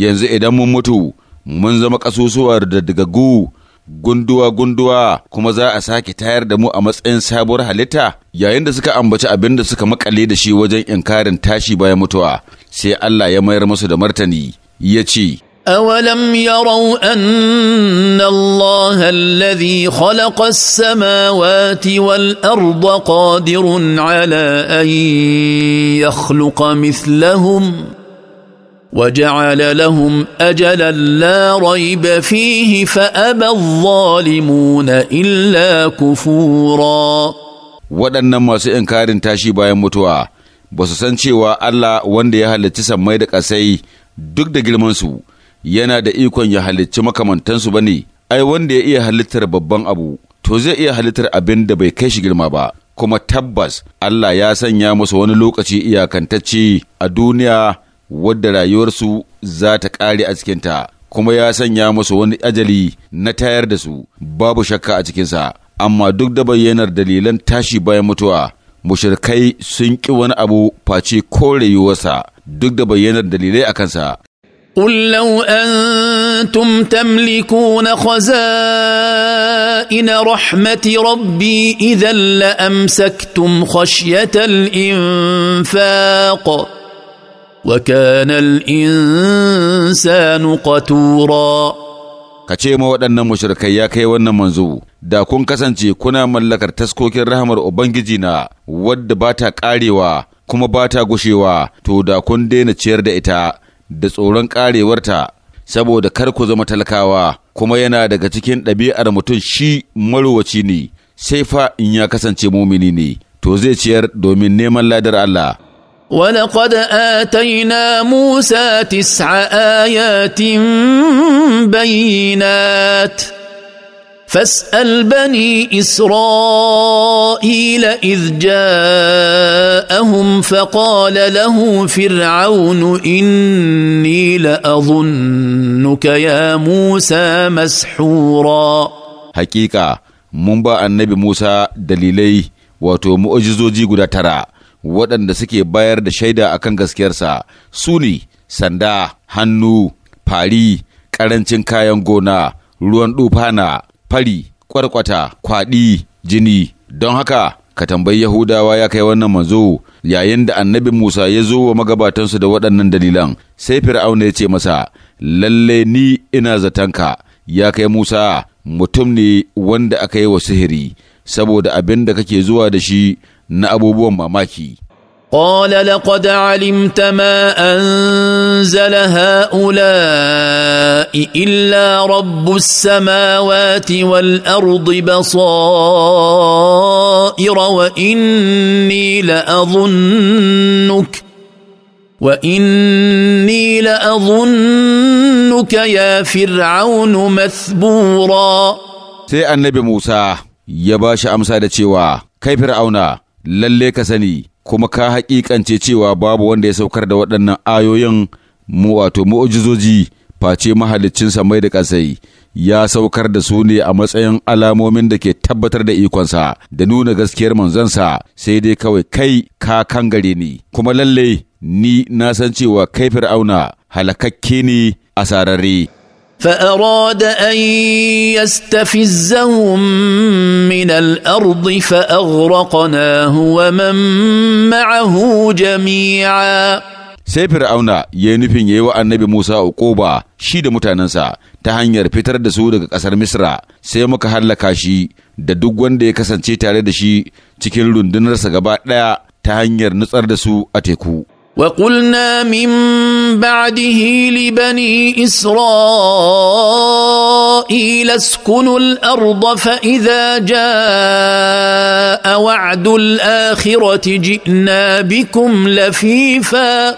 yanzu idan mun mutu mun zama kasusuwar da dagaggu gunduwa-gunduwa kuma za a sake tayar da mu a matsayin sabuwar halitta yayin da suka ambaci abin da suka makale da shi wajen inkarin tashi bayan mutuwa sai Allah ya mayar musu da martani ya ce أولم يروا أن الله الذي خلق السماوات والأرض قادر على أن يخلق مثلهم ؟ وجعل لهم اجلا لا ريب فيه فابى الظالمون الا كفورا waɗannan masu inkarin tashi bayan mutuwa ba su san cewa Allah wanda ya halicci sammai da ƙasai duk da girmansu yana da ikon ya halicci makamantansu ba ne, ai wanda ya iya halittar babban abu, to zai iya halittar abin da bai kai shi girma ba, kuma tabbas Allah ya sanya musu wani lokaci iyakantacce a duniya wadda rayuwarsu za ta ƙare a cikinta kuma ya sanya musu wani ajali na tayar da su babu shakka a cikinsa amma duk da bayyanar dalilan tashi bayan mutuwa mushirkai sun ƙi wani abu face ko rayuwarsa duk da bayyanar dalilai a kansa قل لو انتم تملكون خزائن رحمه ربي اذا لامسكتم خشيه الانفاق وكان الإنسان قتورا ka ma waɗannan mushrikai ya kai wannan manzo da kun kasance kuna mallakar taskokin rahamar ubangiji na wadda ba ta ƙarewa kuma ba ta gushewa to da kun daina ciyar da ita da tsoron ƙarewarta saboda kar ku zama talakawa kuma yana daga cikin ɗabi'ar mutum shi marowaci ne sai fa in ya kasance mumini ne to zai ciyar domin neman ladar Allah ولقد اتينا موسى تسع ايات بينات فاسال بني اسرائيل اذ جاءهم فقال له فرعون اني لاظنك يا موسى مسحورا حقيقه ممبا النبي موسى دليلي وتو مؤجزو قد ترى waɗanda suke bayar da shaida a kan gaskiyarsa su ne sanda hannu fari ƙarancin kayan gona ruwan ɗufana fari ƙwarƙwata. kwaɗi jini don haka ka tambayi Yahudawa ya kai wannan manzo yayin da annabi Musa ya zo wa magabatansu da waɗannan dalilan sai Fir'auna ya ce masa lalle ni ina zatanka ya kai Musa mutum ne wanda aka yi wa sihiri saboda abin da kake zuwa da shi نأبو ماماكي قال لقد علمت ما انزل هؤلاء الا رب السماوات والارض بصائر واني لاظنك واني لاظنك يا فرعون مثبورا سيئا النبي موسى ya أمسا دا amsa da cewa lalle ka sani kuma ka haƙiƙance cewa babu wanda ya saukar da waɗannan ayoyin mu wato mu'ujizoji face mahalicin mai da ƙasai ya saukar da su ne a matsayin alamomin da ke tabbatar da ikonsa da nuna gaskiyar manzansa sai dai kawai kai ka kan gare ni kuma lalle ni na san cewa kai fir'auna halakakke ne a sararre فاراد ان يستفزهم من الارض فاغرقناه ومن معه جميعا sai fir'auna ya yi nufin ya yi wa annabi musa uquba shi da mutanensa ta hanyar fitar da su daga ƙasar misra sai muka hallaka shi da duk wanda ya kasance tare da shi cikin rundunarsa gaba ɗaya ta hanyar nutsar da su a teku wa min بعده لبني إسرائيل اسكنوا الأرض فإذا جاء وعد الآخرة جئنا بكم لفيفا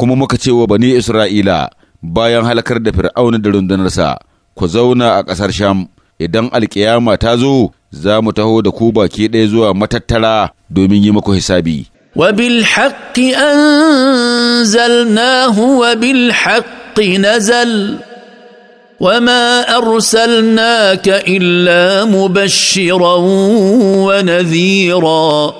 kuma muka ce wa bani Isra'ila bayan halakar da fir'auna da rundunarsa, ku zauna a ƙasar Sham, idan alƙiyama ta zo, za mu taho da ku baki ɗaya zuwa matattara domin yi muku hisabi. وبالحق انزلناه وبالحق نزل وما ارسلناك الا مبشرا ونذيرا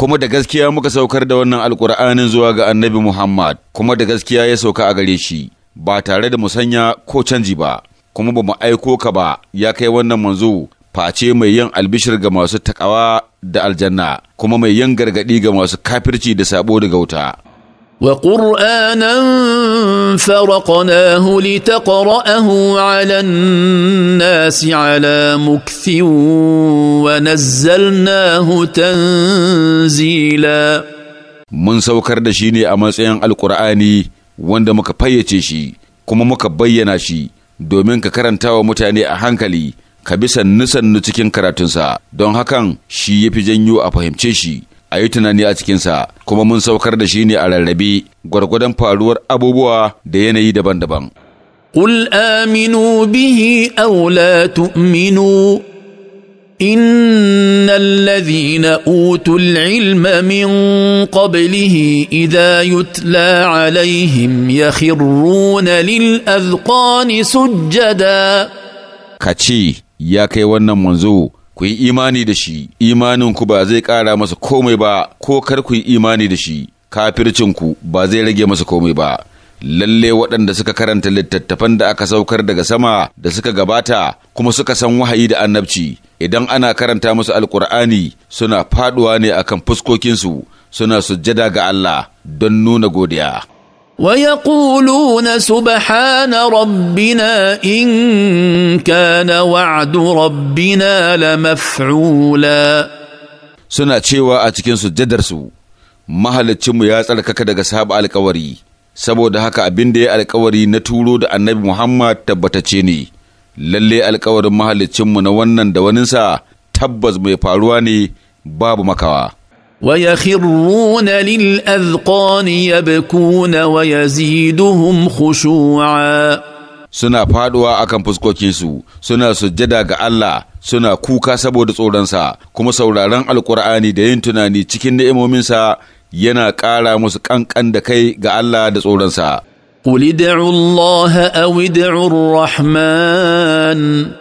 kuma da gaskiya muka saukar da wannan alkur'anin zuwa ga annabi Muhammad kuma da gaskiya ya sauka a gare shi ba tare da musanya ko canji ba kuma ba mu aiko ka ba ya kai wannan manzo face mai yin albishir ga masu takawa da aljanna kuma mai yin gargadi ga masu kafirci da sabo daga wuta وقرانا فرقناه لتقراه على wa على مكث ونزلناه Tanzila. mun saukar da shi ne a matsayin Alƙur'ani wanda muka fayyace shi kuma muka bayyana shi domin ka karanta wa mutane a hankali ka bi sannu-sannu cikin karatunsa don hakan shi ya fi janyo a fahimce shi a yi tunani a cikinsa kuma mun saukar da shi ne a rarrabe gwargwadon faruwar abubuwa da yanayi daban-daban. قل aminu bihi أو لا تؤمنوا إن الذين أوتوا العلم من قبله إذا يتلى عليهم يخرون للأذقان سجداً ka ya kai wannan manzo ku yi imani da shi imanin ku ba zai ƙara masa komai ba ko kar ku yi imani da shi kafircinku ba zai rage masa komai ba lalle waɗanda suka karanta littattafan da aka saukar daga sama da suka gabata kuma suka san wahayi da annabci idan ana karanta musu alkur'ani suna faɗuwa ne akan fuskokinsu suna sujjada ga Allah don nuna godiya. ويقولون سبحان ربنا ان كان وعد ربنا لمفعولا suna cewa a cikin sujjadarsu mahalicinmu ya tsarkaka daga saba alkawari saboda haka abin da ya alkawari na turo da annabi Muhammad tabbatace ne lalle alkawarin mahalicinmu na wannan da waninsa tabbas mai faruwa ne babu makawa ويخرون للأذقان يبكون ويزيدهم خشوعا suna faduwa akan fuskokinsu suna sujjada ga Allah suna kuka saboda tsoronsa kuma sauraron alkur'ani da yin tunani cikin ni'imominsa yana ƙara musu ƙanƙan da kai ga Allah da tsoronsa. Qul id'u Allah aw id'u Rahman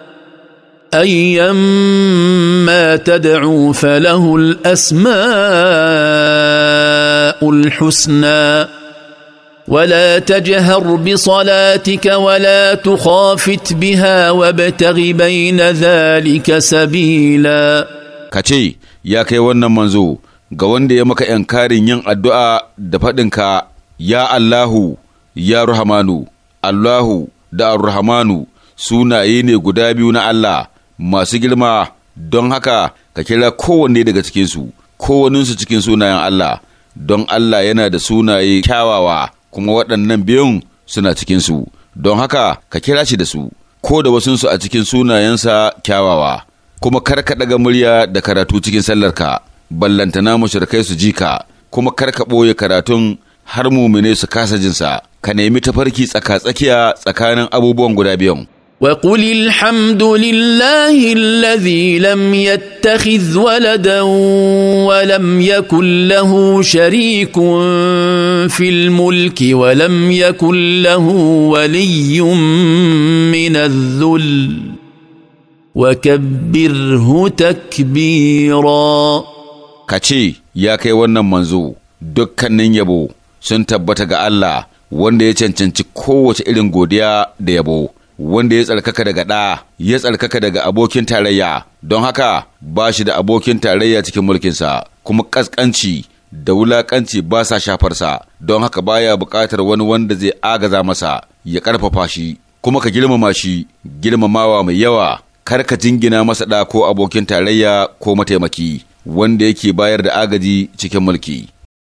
ايما تدعو فله الاسماء الحسنى ولا تجهر بصلاتك ولا تخافت بها وابتغ بين ذلك سبيلا kace ya kai wannan manzo ga wanda ya maka yankarin yin addu'a da fadinka, ya Allahu ya Rahmanu Allahu da Ar-Rahmanu sunaye ne guda biyu na Allah masu girma don haka ka kira kowanne daga cikinsu kowaninsu cikin sunayen Allah don Allah yana da sunaye kyawawa kuma waɗannan biyun suna cikinsu don haka ka kira shi da su ko da wasunsu a cikin sunayensa kyawawa kuma kar ka ɗaga murya da karatu cikin sallarka ballantana mushrikai su ji ka kuma kar ka ɓoye karatun har mumine su kasa jinsa ka nemi tafarki tsaka-tsakiya tsakanin abubuwan guda biyun. وقل الحمد لله الذي لم يتخذ ولدا ولم يكن له شريك في الملك ولم يكن له ولي من الذل وكبره تكبيرا كتشي يا كي ونن منزو دكانن يبو sun tabbata ga Allah wanda ya cancanci kowace irin godiya da yabo wanda ya tsarkaka daga ɗa ya tsarkaka daga abokin tarayya don haka ba shi da abokin tarayya cikin mulkinsa kuma ƙasƙanci da wulaƙanci ba sa shafarsa don haka baya buƙatar wani wanda zai agaza masa ya ƙarfafa shi kuma ka girmama shi girmamawa mai yawa kar ka jingina masa ɗa ko abokin tarayya ko mataimaki wanda yake bayar da agaji cikin mulki